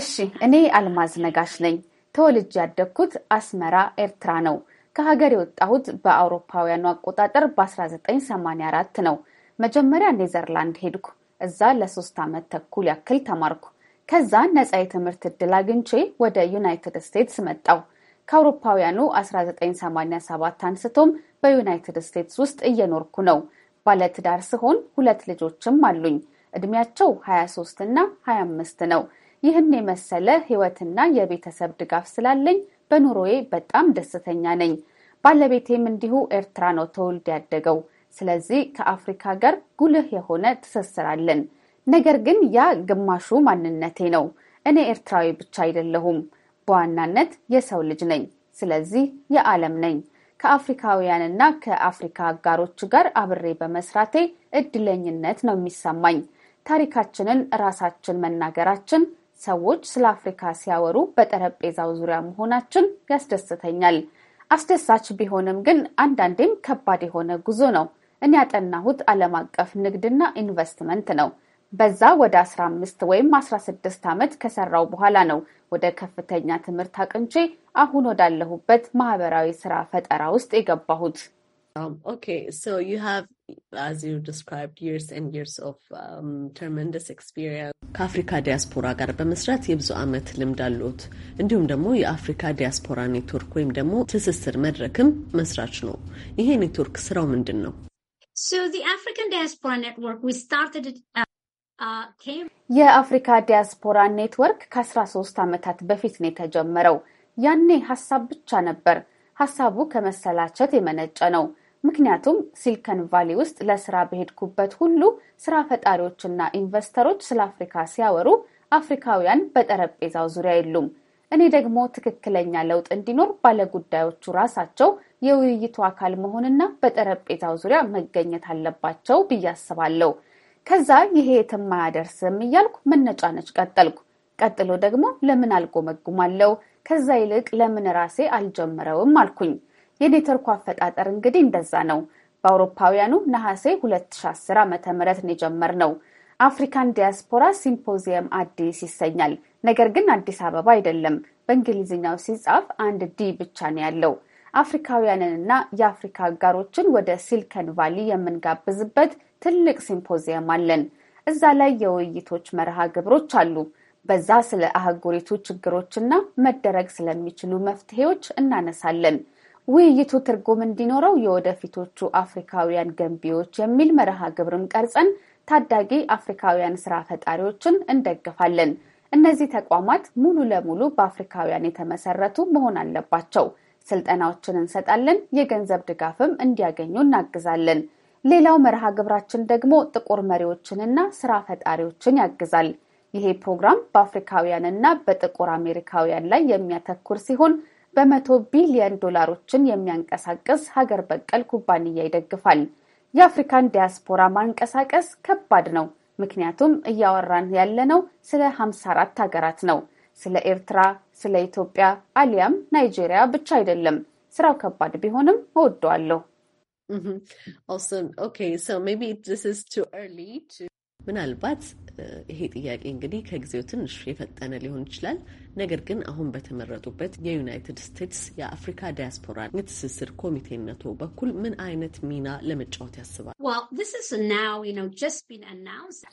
እሺ፣ እኔ አልማዝ ነጋሽ ነኝ። ተወልጄ ያደግኩት አስመራ ኤርትራ ነው። ከሀገር የወጣሁት በአውሮፓውያኑ አቆጣጠር በ1984 ነው። መጀመሪያ ኔዘርላንድ ሄድኩ። እዛ ለሶስት ዓመት ተኩል ያክል ተማርኩ። ከዛ ነጻ የትምህርት ዕድል አግኝቼ ወደ ዩናይትድ ስቴትስ መጣው። ከአውሮፓውያኑ 1987 አንስቶም በዩናይትድ ስቴትስ ውስጥ እየኖርኩ ነው። ባለትዳር ስሆን ሁለት ልጆችም አሉኝ። እድሜያቸው 23 እና 25 ነው። ይህን የመሰለ ህይወትና የቤተሰብ ድጋፍ ስላለኝ በኑሮዬ በጣም ደስተኛ ነኝ። ባለቤቴም እንዲሁ ኤርትራ ነው ተውልድ ያደገው። ስለዚህ ከአፍሪካ ጋር ጉልህ የሆነ ትስስር አለን። ነገር ግን ያ ግማሹ ማንነቴ ነው። እኔ ኤርትራዊ ብቻ አይደለሁም። በዋናነት የሰው ልጅ ነኝ። ስለዚህ የዓለም ነኝ። ከአፍሪካውያንና ከአፍሪካ አጋሮች ጋር አብሬ በመስራቴ እድለኝነት ነው የሚሰማኝ። ታሪካችንን ራሳችን መናገራችን፣ ሰዎች ስለ አፍሪካ ሲያወሩ በጠረጴዛው ዙሪያ መሆናችን ያስደስተኛል። አስደሳች ቢሆንም ግን አንዳንዴም ከባድ የሆነ ጉዞ ነው። እኔ ያጠናሁት ዓለም አቀፍ ንግድና ኢንቨስትመንት ነው። በዛ ወደ 15 ወይም 16 ዓመት ከሰራው በኋላ ነው ወደ ከፍተኛ ትምህርት አቅንቼ አሁን ወዳለሁበት ማህበራዊ ስራ ፈጠራ ውስጥ የገባሁት። um, um, ከአፍሪካ ዲያስፖራ ጋር በመስራት የብዙ ዓመት ልምድ አለት እንዲሁም ደግሞ የአፍሪካ ዲያስፖራ ኔትወርክ ወይም ደግሞ ትስስር መድረክም መስራች ነው። ይሄ ኔትወርክ ስራው ምንድን ነው? የአፍሪካ ዲያስፖራ ኔትወርክ ከ13 ዓመታት በፊት ነው የተጀመረው። ያኔ ሀሳብ ብቻ ነበር። ሀሳቡ ከመሰላቸት የመነጨ ነው። ምክንያቱም ሲልከን ቫሊ ውስጥ ለስራ በሄድኩበት ሁሉ ስራ ፈጣሪዎችና ኢንቨስተሮች ስለ አፍሪካ ሲያወሩ አፍሪካውያን በጠረጴዛው ዙሪያ የሉም። እኔ ደግሞ ትክክለኛ ለውጥ እንዲኖር ባለጉዳዮቹ ራሳቸው የውይይቱ አካል መሆንና በጠረጴዛው ዙሪያ መገኘት አለባቸው ብዬ አስባለሁ። ከዛ ይሄ የትም አያደርስም እያልኩ ቀጠልኩ። ቀጥሎ ደግሞ ለምን አልጎመጉማለው? ከዛ ይልቅ ለምን ራሴ አልጀምረውም አልኩኝ። የኔትወርኩ አፈጣጠር እንግዲህ እንደዛ ነው። በአውሮፓውያኑ ነሐሴ 2010 ዓ ም ነው የጀመርነው። አፍሪካን ዲያስፖራ ሲምፖዚየም አዲስ ይሰኛል። ነገር ግን አዲስ አበባ አይደለም። በእንግሊዝኛው ሲጻፍ አንድ ዲ ብቻ ነው ያለው። አፍሪካውያንንና የአፍሪካ አጋሮችን ወደ ሲልከን ቫሊ የምንጋብዝበት ትልቅ ሲምፖዚየም አለን። እዛ ላይ የውይይቶች መርሃ ግብሮች አሉ። በዛ ስለ አህጉሪቱ ችግሮችና መደረግ ስለሚችሉ መፍትሄዎች እናነሳለን። ውይይቱ ትርጉም እንዲኖረው የወደፊቶቹ አፍሪካውያን ገንቢዎች የሚል መርሃ ግብርም ቀርጸን ታዳጊ አፍሪካውያን ስራ ፈጣሪዎችን እንደግፋለን። እነዚህ ተቋማት ሙሉ ለሙሉ በአፍሪካውያን የተመሰረቱ መሆን አለባቸው። ስልጠናዎችን እንሰጣለን፣ የገንዘብ ድጋፍም እንዲያገኙ እናግዛለን። ሌላው መርሃ ግብራችን ደግሞ ጥቁር መሪዎችንና ስራ ፈጣሪዎችን ያግዛል። ይሄ ፕሮግራም በአፍሪካውያንና በጥቁር አሜሪካውያን ላይ የሚያተኩር ሲሆን በመቶ ቢሊየን ዶላሮችን የሚያንቀሳቅስ ሀገር በቀል ኩባንያ ይደግፋል። የአፍሪካን ዲያስፖራ ማንቀሳቀስ ከባድ ነው። ምክንያቱም እያወራን ያለነው ስለ 54 ሀገራት ነው። ስለ ኤርትራ፣ ስለ ኢትዮጵያ አሊያም ናይጄሪያ ብቻ አይደለም። ስራው ከባድ ቢሆንም እወደዋለሁ። mm-hmm. ምናልባት ይሄ ጥያቄ እንግዲህ ከጊዜው ትንሽ የፈጠነ ሊሆን ይችላል። ነገር ግን አሁን በተመረጡበት የዩናይትድ ስቴትስ የአፍሪካ ዲያስፖራ የትስስር ኮሚቴነቱ በኩል ምን አይነት ሚና ለመጫወት ያስባል?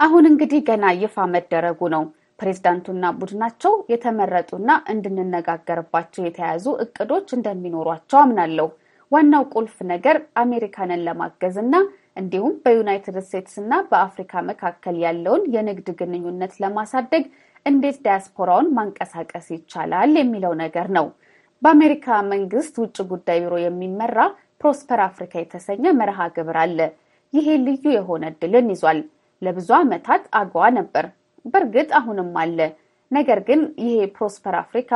አሁን እንግዲህ ገና ይፋ መደረጉ ነው። ፕሬዝዳንቱና ቡድናቸው የተመረጡና እንድንነጋገርባቸው የተያዙ እቅዶች እንደሚኖሯቸው አምናለሁ። ዋናው ቁልፍ ነገር አሜሪካንን ለማገዝ እና እንዲሁም በዩናይትድ ስቴትስ እና በአፍሪካ መካከል ያለውን የንግድ ግንኙነት ለማሳደግ እንዴት ዲያስፖራውን ማንቀሳቀስ ይቻላል የሚለው ነገር ነው። በአሜሪካ መንግስት ውጭ ጉዳይ ቢሮ የሚመራ ፕሮስፐር አፍሪካ የተሰኘ መርሃ ግብር አለ። ይሄ ልዩ የሆነ እድልን ይዟል። ለብዙ ዓመታት አገዋ ነበር፣ በእርግጥ አሁንም አለ። ነገር ግን ይሄ ፕሮስፐር አፍሪካ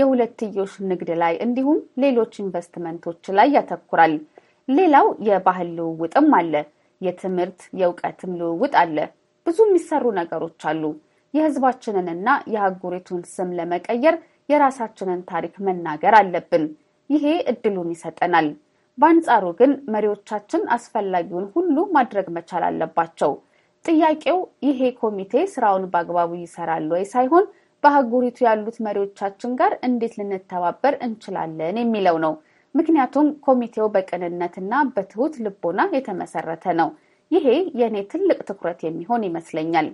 የሁለትዮሽ ንግድ ላይ እንዲሁም ሌሎች ኢንቨስትመንቶች ላይ ያተኩራል። ሌላው የባህል ልውውጥም አለ። የትምህርት የእውቀትም ልውውጥ አለ። ብዙ የሚሰሩ ነገሮች አሉ። የህዝባችንንና የአህጉሪቱን ስም ለመቀየር የራሳችንን ታሪክ መናገር አለብን። ይሄ እድሉን ይሰጠናል። በአንጻሩ ግን መሪዎቻችን አስፈላጊውን ሁሉ ማድረግ መቻል አለባቸው። ጥያቄው ይሄ ኮሚቴ ስራውን በአግባቡ ይሰራል ወይ ሳይሆን በአህጉሪቱ ያሉት መሪዎቻችን ጋር እንዴት ልንተባበር እንችላለን የሚለው ነው። ምክንያቱም ኮሚቴው በቅንነትና በትሁት ልቦና የተመሰረተ ነው። ይሄ የእኔ ትልቅ ትኩረት የሚሆን ይመስለኛል።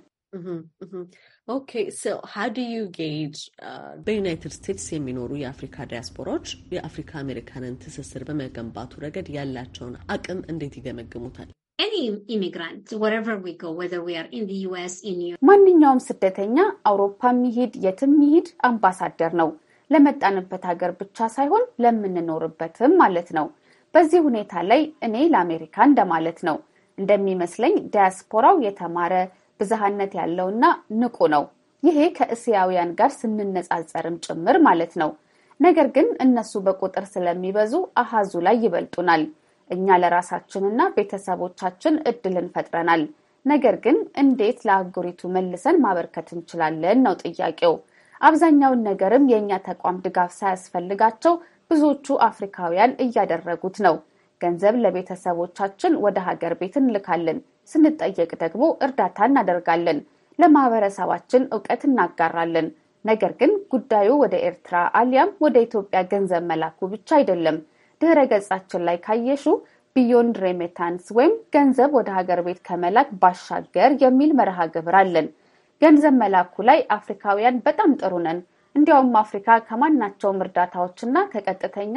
በዩናይትድ ስቴትስ የሚኖሩ የአፍሪካ ዲያስፖራዎች የአፍሪካ አሜሪካንን ትስስር በመገንባቱ ረገድ ያላቸውን አቅም እንዴት ይገመግሙታል? ማንኛውም ስደተኛ አውሮፓ ሚሄድ የትም ሚሄድ አምባሳደር ነው። ለመጣንበት ሀገር ብቻ ሳይሆን ለምንኖርበትም ማለት ነው። በዚህ ሁኔታ ላይ እኔ ለአሜሪካ እንደማለት ነው እንደሚመስለኝ ዲያስፖራው የተማረ ብዝሃነት ያለውና ንቁ ነው። ይሄ ከእስያውያን ጋር ስንነጻጸርም ጭምር ማለት ነው። ነገር ግን እነሱ በቁጥር ስለሚበዙ አሃዙ ላይ ይበልጡናል። እኛ ለራሳችንና ቤተሰቦቻችን እድልን ፈጥረናል። ነገር ግን እንዴት ለአህጉሪቱ መልሰን ማበርከት እንችላለን ነው ጥያቄው። አብዛኛውን ነገርም የእኛ ተቋም ድጋፍ ሳያስፈልጋቸው ብዙዎቹ አፍሪካውያን እያደረጉት ነው። ገንዘብ ለቤተሰቦቻችን ወደ ሀገር ቤት እንልካለን። ስንጠየቅ ደግሞ እርዳታ እናደርጋለን። ለማህበረሰባችን እውቀት እናጋራለን። ነገር ግን ጉዳዩ ወደ ኤርትራ አሊያም ወደ ኢትዮጵያ ገንዘብ መላኩ ብቻ አይደለም። ድህረ ገጻችን ላይ ካየሹ ቢዮንድ ሬሜታንስ ወይም ገንዘብ ወደ ሀገር ቤት ከመላክ ባሻገር የሚል መርሃ ግብር አለን። ገንዘብ መላኩ ላይ አፍሪካውያን በጣም ጥሩ ነን፣ እንዲያውም አፍሪካ ከማናቸውም እርዳታዎችና ከቀጥተኛ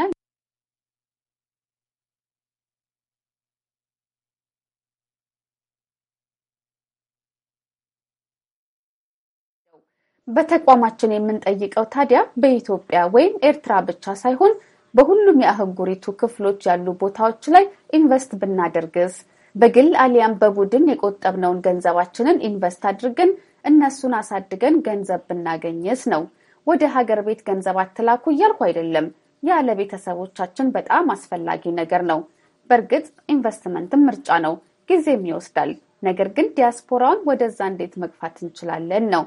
በተቋማችን የምንጠይቀው ታዲያ በኢትዮጵያ ወይም ኤርትራ ብቻ ሳይሆን በሁሉም የአህጉሪቱ ክፍሎች ያሉ ቦታዎች ላይ ኢንቨስት ብናደርግስ? በግል አሊያም በቡድን የቆጠብነውን ገንዘባችንን ኢንቨስት አድርገን እነሱን አሳድገን ገንዘብ ብናገኝስ ነው። ወደ ሀገር ቤት ገንዘብ አትላኩ እያልኩ አይደለም። ያለ ቤተሰቦቻችን በጣም አስፈላጊ ነገር ነው። በእርግጥ ኢንቨስትመንትም ምርጫ ነው፣ ጊዜም ይወስዳል። ነገር ግን ዲያስፖራውን ወደዛ እንዴት መግፋት እንችላለን ነው።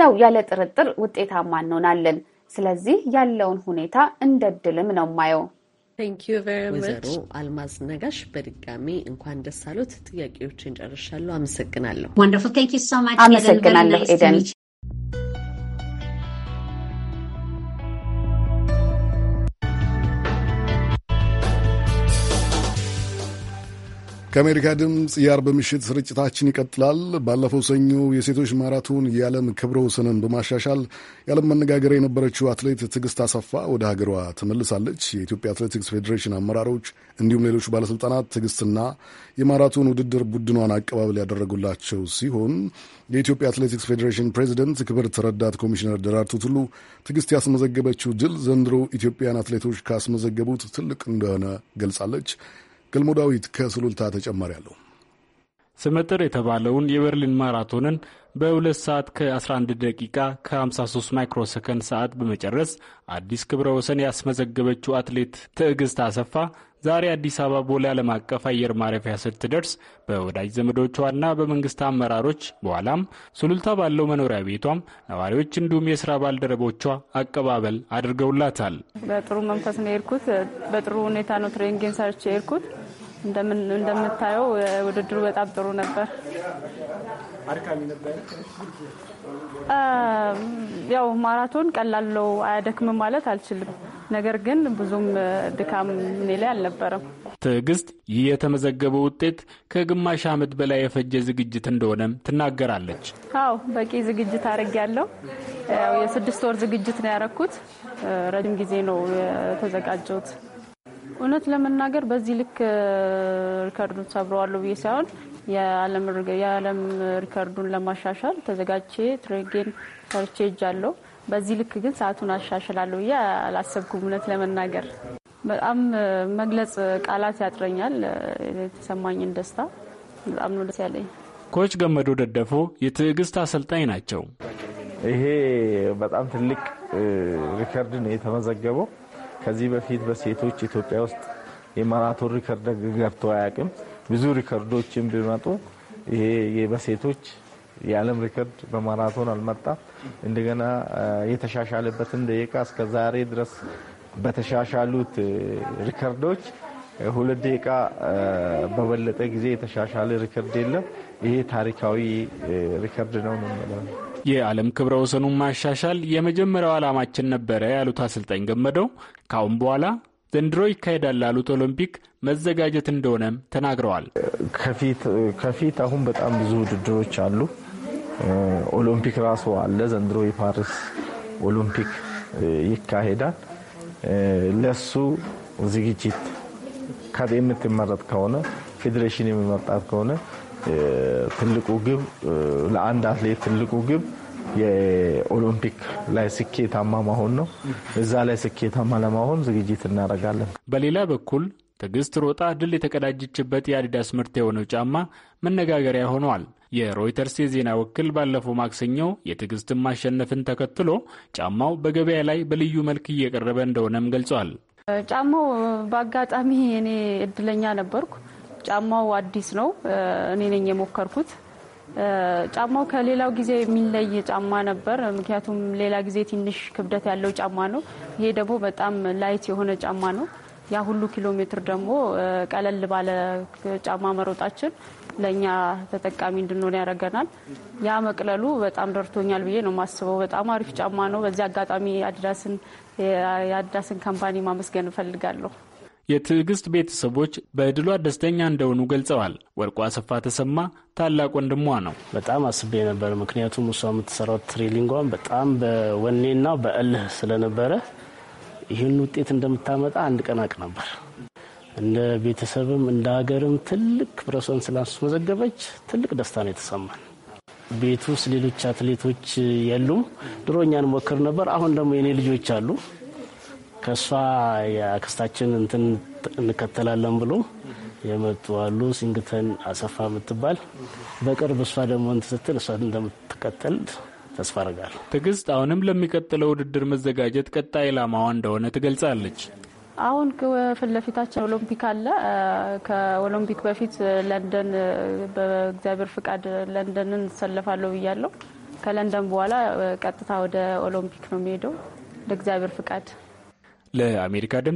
ያው ያለ ጥርጥር ውጤታማ እንሆናለን። ስለዚህ ያለውን ሁኔታ እንደ ድልም ነው ማየው። ወይዘሮ አልማዝ ነጋሽ በድጋሚ እንኳን ደስ ጥያቄዎችን ጨርሻለሁ። አመሰግናለሁ። አመሰግናለሁ ኤደን። ከአሜሪካ ድምፅ የአርብ ምሽት ስርጭታችን ይቀጥላል። ባለፈው ሰኞ የሴቶች ማራቶን የዓለም ክብረ ወሰንን በማሻሻል የዓለም መነጋገሪያ የነበረችው አትሌት ትዕግስት አሰፋ ወደ ሀገሯ ትመልሳለች። የኢትዮጵያ አትሌቲክስ ፌዴሬሽን አመራሮች እንዲሁም ሌሎች ባለሥልጣናት ትዕግስትና የማራቶን ውድድር ቡድኗን አቀባበል ያደረጉላቸው ሲሆን የኢትዮጵያ አትሌቲክስ ፌዴሬሽን ፕሬዚደንት ክብርት ረዳት ኮሚሽነር ደራርቱ ቱሉ ትዕግስት ያስመዘገበችው ድል ዘንድሮ ኢትዮጵያን አትሌቶች ካስመዘገቡት ትልቅ እንደሆነ ገልጻለች። ገልሞ ዳዊት ከሱሉልታ ተጨማሪ አለው። ስመጥር የተባለውን የበርሊን ማራቶንን በ2 ሰዓት ከ11 ደቂቃ ከ53 ማይክሮ ሰከንድ ሰዓት በመጨረስ አዲስ ክብረ ወሰን ያስመዘገበችው አትሌት ትዕግስት አሰፋ ዛሬ አዲስ አበባ ቦሌ ዓለም አቀፍ አየር ማረፊያ ስትደርስ በወዳጅ ዘመዶቿና በመንግስት አመራሮች በኋላም ሱሉልታ ባለው መኖሪያ ቤቷም ነዋሪዎች እንዲሁም የስራ ባልደረቦቿ አቀባበል አድርገውላታል። በጥሩ መንፈስ ነው የሄድኩት። በጥሩ ሁኔታ ነው ትሬንጌን ሰርች የሄድኩት። እንደምታየው ውድድሩ በጣም ጥሩ ነበር። ያው ማራቶን ቀላል ነው፣ አያደክምም ማለት አልችልም። ነገር ግን ብዙም ድካም እኔ ላይ አልነበረም። ትዕግስት ይህ የተመዘገበው ውጤት ከግማሽ ዓመት በላይ የፈጀ ዝግጅት እንደሆነም ትናገራለች። አዎ በቂ ዝግጅት አድርጌያለሁ። ያው የስድስት ወር ዝግጅት ነው ያረኩት። ረጅም ጊዜ ነው የተዘጋጀሁት። እውነት ለመናገር በዚህ ልክ ሪከርዱን ሰብረዋለሁ ብዬ ሳይሆን የዓለም ሪከርዱን ለማሻሻል ተዘጋጅቼ ትሬጌን ሰርቼ እጃለሁ። በዚህ ልክ ግን ሰዓቱን አሻሽላለሁ ብዬ አላሰብኩም። እውነት ለመናገር በጣም መግለጽ ቃላት ያጥረኛል። የተሰማኝን ደስታ በጣም ነው ደስ ያለኝ። ኮች ገመዶ ደደፎ የትዕግስት አሰልጣኝ ናቸው። ይሄ በጣም ትልቅ ሪከርድ ነው የተመዘገበው ከዚህ በፊት በሴቶች ኢትዮጵያ ውስጥ የማራቶን ሪከርድ ገብቶ አያውቅም። ብዙ ሪከርዶችን ቢመጡ ይሄ በሴቶች የዓለም ሪከርድ በማራቶን አልመጣም። እንደገና የተሻሻለበትን ደቂቃ እስከ ዛሬ ድረስ በተሻሻሉት ሪከርዶች ሁለት ደቂቃ በበለጠ ጊዜ የተሻሻለ ሪከርድ የለም። ይህ ታሪካዊ ሪከርድ ነው ነው። የዓለም ክብረ ወሰኑን ማሻሻል የመጀመሪያው ዓላማችን ነበረ ያሉት አሰልጣኝ ገመደው ካሁን በኋላ ዘንድሮ ይካሄዳል ላሉት ኦሎምፒክ መዘጋጀት እንደሆነም ተናግረዋል። ከፊት አሁን በጣም ብዙ ውድድሮች አሉ። ኦሎምፒክ ራሱ አለ። ዘንድሮ የፓሪስ ኦሎምፒክ ይካሄዳል። ለሱ ዝግጅት ከት የምትመረጥ ከሆነ ፌዴሬሽን የሚመርጣት ከሆነ ትልቁ ግብ ለአንድ አትሌት ትልቁ ግብ የኦሎምፒክ ላይ ስኬታማ መሆን ነው። እዛ ላይ ስኬታማ ለመሆን ዝግጅት እናደርጋለን። በሌላ በኩል ትዕግስት ሮጣ ድል የተቀዳጀችበት የአዲዳስ ምርት የሆነው ጫማ መነጋገሪያ ሆኗል። የሮይተርስ የዜና ወኪል ባለፈው ማክሰኞ የትዕግስትን ማሸነፍን ተከትሎ ጫማው በገበያ ላይ በልዩ መልክ እየቀረበ እንደሆነም ገልጿል። ጫማው በአጋጣሚ እኔ እድለኛ ነበርኩ። ጫማው አዲስ ነው። እኔ ነኝ የሞከርኩት። ጫማው ከሌላው ጊዜ የሚለይ ጫማ ነበር። ምክንያቱም ሌላ ጊዜ ትንሽ ክብደት ያለው ጫማ ነው። ይሄ ደግሞ በጣም ላይት የሆነ ጫማ ነው። ያ ሁሉ ኪሎ ሜትር ደግሞ ቀለል ባለ ጫማ መሮጣችን ለእኛ ተጠቃሚ እንድንሆን ያደርገናል። ያ መቅለሉ በጣም ደርቶኛል ብዬ ነው የማስበው። በጣም አሪፍ ጫማ ነው። በዚህ አጋጣሚ አዲዳስን የአዲዳስን ካምፓኒ ማመስገን እፈልጋለሁ። የትዕግስት ቤተሰቦች በድሏ ደስተኛ እንደሆኑ ገልጸዋል። ወርቁ አሰፋ ተሰማ ታላቅ ወንድሟ ነው። በጣም አስቤ ነበር። ምክንያቱም እሷ የምትሰራው ትሬሊንጓን በጣም በወኔና በእልህ ስለነበረ ይህን ውጤት እንደምታመጣ አንድ ቀናቅ ነበር። እንደ ቤተሰብም እንደ ሀገርም ትልቅ ብረሷን ስላስመዘገበች ትልቅ ደስታ ነው የተሰማን። ቤት ውስጥ ሌሎች አትሌቶች የሉም። ድሮ እኛን ሞክር ነበር። አሁን ደግሞ የኔ ልጆች አሉ ከእሷ የአክስታችን እንትን እንከተላለን ብሎ የመጡ አሉ። ሲንግተን አሰፋ የምትባል በቅርብ እሷ ደግሞ እንትን ስትል እሷ እንደምትከተል ተስፋ አርጋል። ትግስት አሁንም ለሚቀጥለው ውድድር መዘጋጀት ቀጣይ ላማዋ እንደሆነ ትገልጻለች። አሁን ፊት ለፊታችን ኦሎምፒክ አለ። ከኦሎምፒክ በፊት ለንደን በእግዚአብሔር ፍቃድ ለንደንን እንሰለፋለሁ ብያለሁ። ከለንደን በኋላ ቀጥታ ወደ ኦሎምፒክ ነው የሚሄደው እንደ እግዚአብሔር ፍቃድ ለአሜሪካ ድምፅ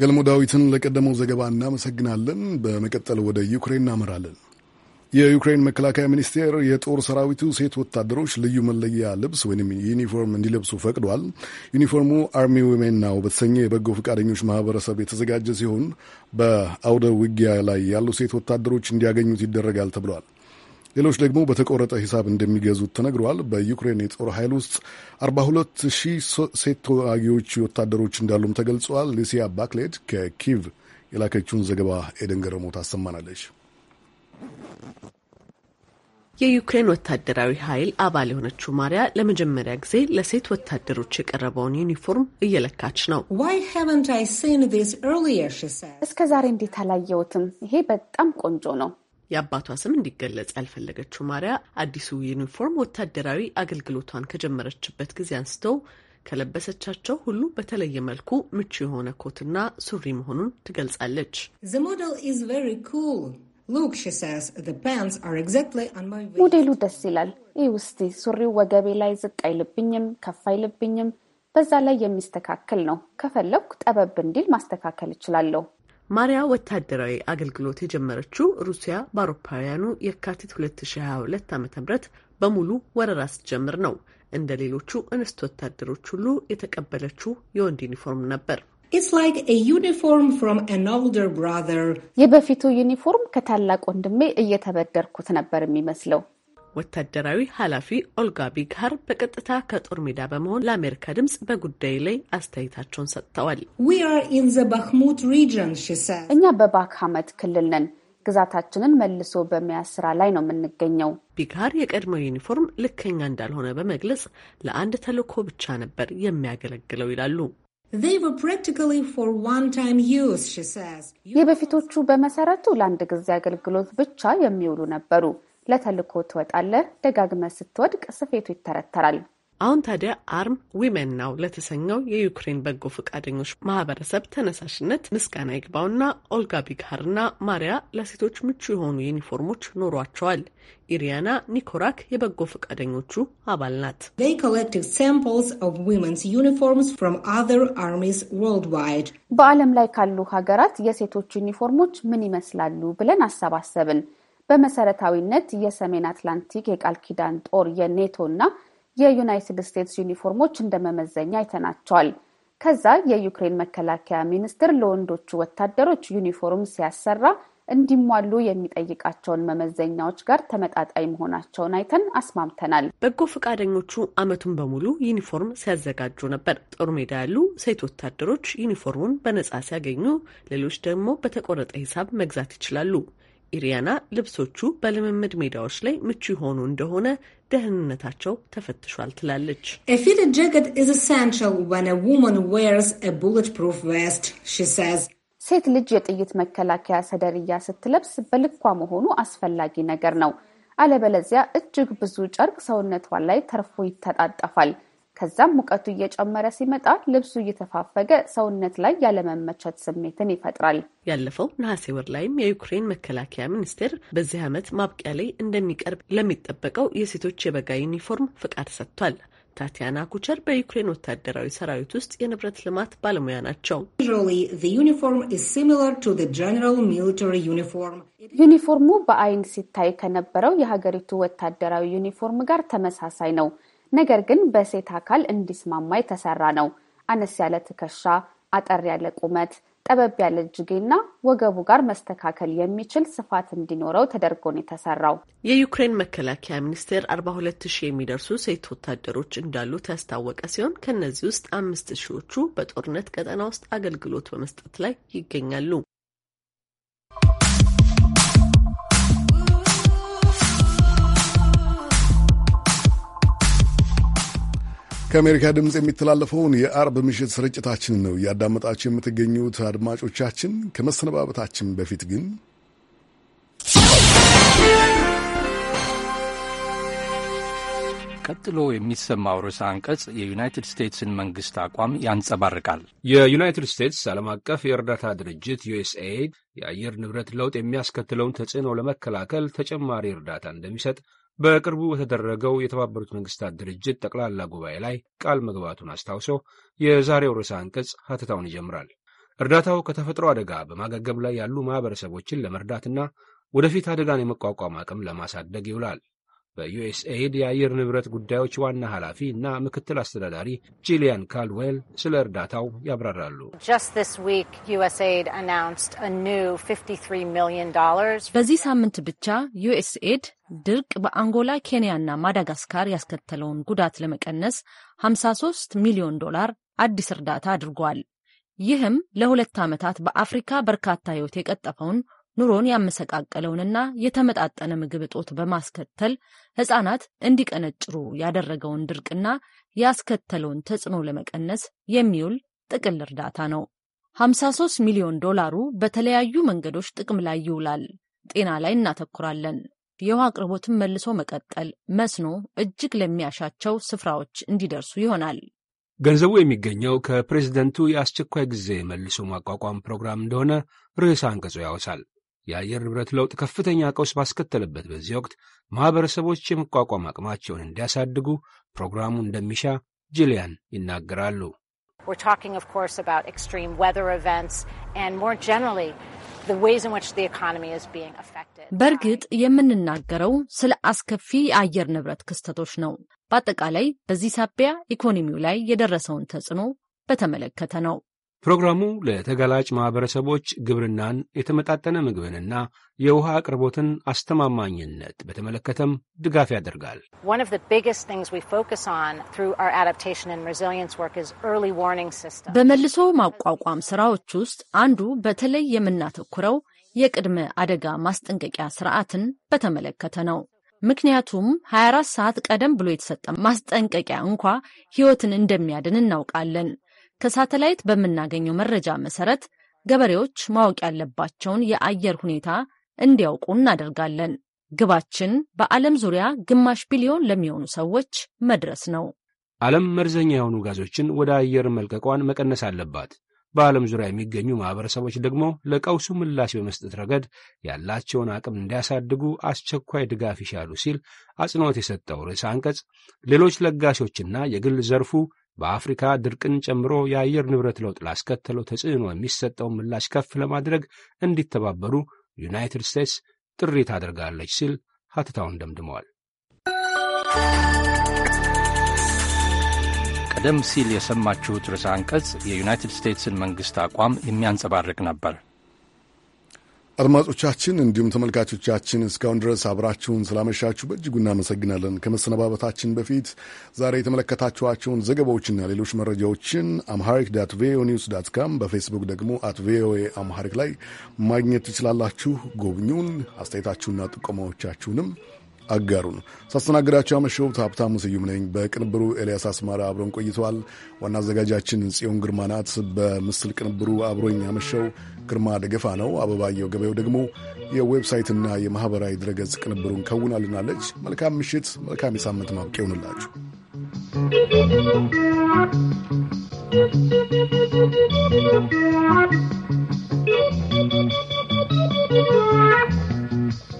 ገልሞ ዳዊትን ለቀደመው ዘገባ እናመሰግናለን። በመቀጠል ወደ ዩክሬን እናመራለን። የዩክሬን መከላከያ ሚኒስቴር የጦር ሰራዊቱ ሴት ወታደሮች ልዩ መለያ ልብስ ወይም ዩኒፎርም እንዲለብሱ ፈቅዷል። ዩኒፎርሙ አርሚ ዊሜን ናው በተሰኘ የበጎ ፈቃደኞች ማህበረሰብ የተዘጋጀ ሲሆን በአውደ ውጊያ ላይ ያሉ ሴት ወታደሮች እንዲያገኙት ይደረጋል ተብሏል። ሌሎች ደግሞ በተቆረጠ ሂሳብ እንደሚገዙት ተነግረዋል። በዩክሬን የጦር ኃይል ውስጥ 42 ሺህ ሴት ተዋጊዎች ወታደሮች እንዳሉም ተገልጸዋል። ሊሲያ ባክሌድ ከኪቭ የላከችውን ዘገባ ኤደን ገረሞ ታሰማናለች። የዩክሬን ወታደራዊ ኃይል አባል የሆነችው ማሪያ ለመጀመሪያ ጊዜ ለሴት ወታደሮች የቀረበውን ዩኒፎርም እየለካች ነው። እስከ ዛሬ እንዴት አላየሁትም? ይሄ በጣም ቆንጆ ነው የአባቷ ስም እንዲገለጽ ያልፈለገችው ማሪያ አዲሱ ዩኒፎርም ወታደራዊ አገልግሎቷን ከጀመረችበት ጊዜ አንስተው ከለበሰቻቸው ሁሉ በተለየ መልኩ ምቹ የሆነ ኮትና ሱሪ መሆኑን ትገልጻለች። ሞዴሉ ደስ ይላል። ይህ ውስቲ ሱሪው ወገቤ ላይ ዝቅ አይልብኝም፣ ከፍ አይልብኝም። በዛ ላይ የሚስተካከል ነው። ከፈለግኩ ጠበብ እንዲል ማስተካከል እችላለሁ። ማሪያ ወታደራዊ አገልግሎት የጀመረችው ሩሲያ በአውሮፓውያኑ የካቲት 2022 ዓ ም በሙሉ ወረራ ስትጀምር ነው። እንደ ሌሎቹ እንስት ወታደሮች ሁሉ የተቀበለችው የወንድ ዩኒፎርም ነበር። የበፊቱ ዩኒፎርም ከታላቅ ወንድሜ እየተበደርኩት ነበር የሚመስለው ወታደራዊ ኃላፊ ኦልጋ ቢግሃር በቀጥታ ከጦር ሜዳ በመሆን ለአሜሪካ ድምፅ በጉዳዩ ላይ አስተያየታቸውን ሰጥተዋል። እኛ በባክሃመት ክልል ነን። ግዛታችንን መልሶ በመያዝ ስራ ላይ ነው የምንገኘው። ቢግሃር የቀድሞው ዩኒፎርም ልከኛ እንዳልሆነ በመግለጽ ለአንድ ተልዕኮ ብቻ ነበር የሚያገለግለው ይላሉ። የበፊቶቹ በመሰረቱ ለአንድ ጊዜ አገልግሎት ብቻ የሚውሉ ነበሩ። ለተልኮ ትወጣለህ። ደጋግመ ስትወድቅ ስፌቱ ይተረተራል። አሁን ታዲያ አርም ዊመን ናው ለተሰኘው የዩክሬን በጎ ፈቃደኞች ማህበረሰብ ተነሳሽነት ምስጋና ይግባውና ኦልጋ ቢግሃርና ማሪያ ለሴቶች ምቹ የሆኑ ዩኒፎርሞች ኖሯቸዋል። ኢሪያና ኒኮራክ የበጎ ፈቃደኞቹ አባል ናት። በዓለም ላይ ካሉ ሀገራት የሴቶች ዩኒፎርሞች ምን ይመስላሉ ብለን አሰባሰብን። በመሰረታዊነት የሰሜን አትላንቲክ የቃል ኪዳን ጦር የኔቶ እና የዩናይትድ ስቴትስ ዩኒፎርሞች እንደ መመዘኛ አይተናቸዋል። ከዛ የዩክሬን መከላከያ ሚኒስትር ለወንዶቹ ወታደሮች ዩኒፎርም ሲያሰራ እንዲሟሉ የሚጠይቃቸውን መመዘኛዎች ጋር ተመጣጣኝ መሆናቸውን አይተን አስማምተናል። በጎ ፈቃደኞቹ ዓመቱን በሙሉ ዩኒፎርም ሲያዘጋጁ ነበር። ጦር ሜዳ ያሉ ሴት ወታደሮች ዩኒፎርሙን በነጻ ሲያገኙ፣ ሌሎች ደግሞ በተቆረጠ ሂሳብ መግዛት ይችላሉ። ኢሪያና ልብሶቹ በልምምድ ሜዳዎች ላይ ምቹ የሆኑ እንደሆነ ደህንነታቸው ተፈትሿል ትላለች። ሴት ልጅ የጥይት መከላከያ ሰደርያ ስትለብስ በልኳ መሆኑ አስፈላጊ ነገር ነው። አለበለዚያ እጅግ ብዙ ጨርቅ ሰውነቷ ላይ ተርፎ ይተጣጠፋል። ከዛም ሙቀቱ እየጨመረ ሲመጣ ልብሱ እየተፋፈገ ሰውነት ላይ ያለመመቸት ስሜትን ይፈጥራል። ያለፈው ነሐሴ ወር ላይም የዩክሬን መከላከያ ሚኒስቴር በዚህ ዓመት ማብቂያ ላይ እንደሚቀርብ ለሚጠበቀው የሴቶች የበጋ ዩኒፎርም ፍቃድ ሰጥቷል። ታቲያና ኩቸር በዩክሬን ወታደራዊ ሰራዊት ውስጥ የንብረት ልማት ባለሙያ ናቸው። ዩኒፎርሙ በአይን ሲታይ ከነበረው የሀገሪቱ ወታደራዊ ዩኒፎርም ጋር ተመሳሳይ ነው። ነገር ግን በሴት አካል እንዲስማማ የተሰራ ነው። አነስ ያለ ትከሻ፣ አጠር ያለ ቁመት፣ ጠበብ ያለ እጅጌና ወገቡ ጋር መስተካከል የሚችል ስፋት እንዲኖረው ተደርጎ ነው የተሰራው። የዩክሬን መከላከያ ሚኒስቴር 42 ሺህ የሚደርሱ ሴት ወታደሮች እንዳሉት ያስታወቀ ሲሆን ከእነዚህ ውስጥ አምስት ሺዎቹ በጦርነት ቀጠና ውስጥ አገልግሎት በመስጠት ላይ ይገኛሉ። ከአሜሪካ ድምፅ የሚተላለፈውን የአርብ ምሽት ስርጭታችን ነው እያዳመጣችሁ የምትገኙት አድማጮቻችን። ከመሰነባበታችን በፊት ግን ቀጥሎ የሚሰማው ርዕሰ አንቀጽ የዩናይትድ ስቴትስን መንግስት አቋም ያንጸባርቃል። የዩናይትድ ስቴትስ ዓለም አቀፍ የእርዳታ ድርጅት ዩኤስኤ የአየር ንብረት ለውጥ የሚያስከትለውን ተጽዕኖ ለመከላከል ተጨማሪ እርዳታ እንደሚሰጥ በቅርቡ በተደረገው የተባበሩት መንግስታት ድርጅት ጠቅላላ ጉባኤ ላይ ቃል መግባቱን አስታውሶ የዛሬው ርዕሰ አንቀጽ ሀተታውን ይጀምራል። እርዳታው ከተፈጥሮ አደጋ በማገገም ላይ ያሉ ማኅበረሰቦችን ለመርዳትና ወደፊት አደጋን የመቋቋም አቅም ለማሳደግ ይውላል። በዩኤስኤይድ የአየር ንብረት ጉዳዮች ዋና ኃላፊ እና ምክትል አስተዳዳሪ ጂሊያን ካልዌል ስለ እርዳታው ያብራራሉ። በዚህ ሳምንት ብቻ ዩኤስኤድ ድርቅ በአንጎላ፣ ኬንያና ማዳጋስካር ያስከተለውን ጉዳት ለመቀነስ 53 ሚሊዮን ዶላር አዲስ እርዳታ አድርጓል። ይህም ለሁለት ዓመታት በአፍሪካ በርካታ ሕይወት የቀጠፈውን ኑሮን ያመሰቃቀለውንና የተመጣጠነ ምግብ እጦት በማስከተል ሕፃናት እንዲቀነጭሩ ያደረገውን ድርቅና ያስከተለውን ተጽዕኖ ለመቀነስ የሚውል ጥቅል እርዳታ ነው። 53 ሚሊዮን ዶላሩ በተለያዩ መንገዶች ጥቅም ላይ ይውላል። ጤና ላይ እናተኩራለን። የውሃ አቅርቦትን መልሶ መቀጠል፣ መስኖ እጅግ ለሚያሻቸው ስፍራዎች እንዲደርሱ ይሆናል። ገንዘቡ የሚገኘው ከፕሬዝደንቱ የአስቸኳይ ጊዜ መልሶ ማቋቋም ፕሮግራም እንደሆነ ርዕሰ አንቀጹ ያወሳል። የአየር ንብረት ለውጥ ከፍተኛ ቀውስ ባስከተለበት በዚህ ወቅት ማኅበረሰቦች የመቋቋም አቅማቸውን እንዲያሳድጉ ፕሮግራሙ እንደሚሻ ጂሊያን ይናገራሉ። በእርግጥ የምንናገረው ስለ አስከፊ የአየር ንብረት ክስተቶች ነው። በአጠቃላይ በዚህ ሳቢያ ኢኮኖሚው ላይ የደረሰውን ተጽዕኖ በተመለከተ ነው። ፕሮግራሙ ለተጋላጭ ማኅበረሰቦች ግብርናን፣ የተመጣጠነ ምግብንና የውሃ አቅርቦትን አስተማማኝነት በተመለከተም ድጋፍ ያደርጋል። በመልሶ ማቋቋም ሥራዎች ውስጥ አንዱ በተለይ የምናተኩረው የቅድመ አደጋ ማስጠንቀቂያ ስርዓትን በተመለከተ ነው። ምክንያቱም 24 ሰዓት ቀደም ብሎ የተሰጠ ማስጠንቀቂያ እንኳ ሕይወትን እንደሚያድን እናውቃለን። ከሳተላይት በምናገኘው መረጃ መሰረት ገበሬዎች ማወቅ ያለባቸውን የአየር ሁኔታ እንዲያውቁ እናደርጋለን። ግባችን በዓለም ዙሪያ ግማሽ ቢሊዮን ለሚሆኑ ሰዎች መድረስ ነው። ዓለም መርዘኛ የሆኑ ጋዞችን ወደ አየር መልቀቋን መቀነስ አለባት። በዓለም ዙሪያ የሚገኙ ማኅበረሰቦች ደግሞ ለቀውሱ ምላሽ በመስጠት ረገድ ያላቸውን አቅም እንዲያሳድጉ አስቸኳይ ድጋፍ ይሻሉ ሲል አጽንኦት የሰጠው ርዕሰ አንቀጽ ሌሎች ለጋሾችና የግል ዘርፉ በአፍሪካ ድርቅን ጨምሮ የአየር ንብረት ለውጥ ላስከተለው ተጽዕኖ የሚሰጠውን ምላሽ ከፍ ለማድረግ እንዲተባበሩ ዩናይትድ ስቴትስ ጥሪ ታደርጋለች ሲል ሀተታውን ደምድመዋል። ቀደም ሲል የሰማችሁት ርዕሰ አንቀጽ የዩናይትድ ስቴትስን መንግሥት አቋም የሚያንጸባርቅ ነበር። አድማጮቻችን እንዲሁም ተመልካቾቻችን እስካሁን ድረስ አብራችሁን ስላመሻችሁ በእጅጉ እናመሰግናለን። ከመሰነባበታችን በፊት ዛሬ የተመለከታችኋቸውን ዘገባዎችና ሌሎች መረጃዎችን አምሃሪክ ዳት ቪኦኤ ኒውስ ዳት ካም በፌስቡክ ደግሞ አት ቪኦኤ አምሃሪክ ላይ ማግኘት ትችላላችሁ። ጎብኙን። አስተያየታችሁና ጥቆማዎቻችሁንም አጋሩን። ሳስተናግዳቸው ያመሸሁት ሀብታሙ ስዩም ነኝ። በቅንብሩ ኤልያስ አስማራ አብረን ቆይተዋል። ዋና አዘጋጃችን ጽዮን ግርማ ናት። በምስል ቅንብሩ አብሮኝ ያመሸው ግርማ ደገፋ ነው። አበባየው ገበያው ደግሞ የዌብሳይትና የማኅበራዊ ድረገጽ ቅንብሩን ከውናልናለች። መልካም ምሽት፣ መልካም የሳምንት ማብቂያ ይሆንላችሁ።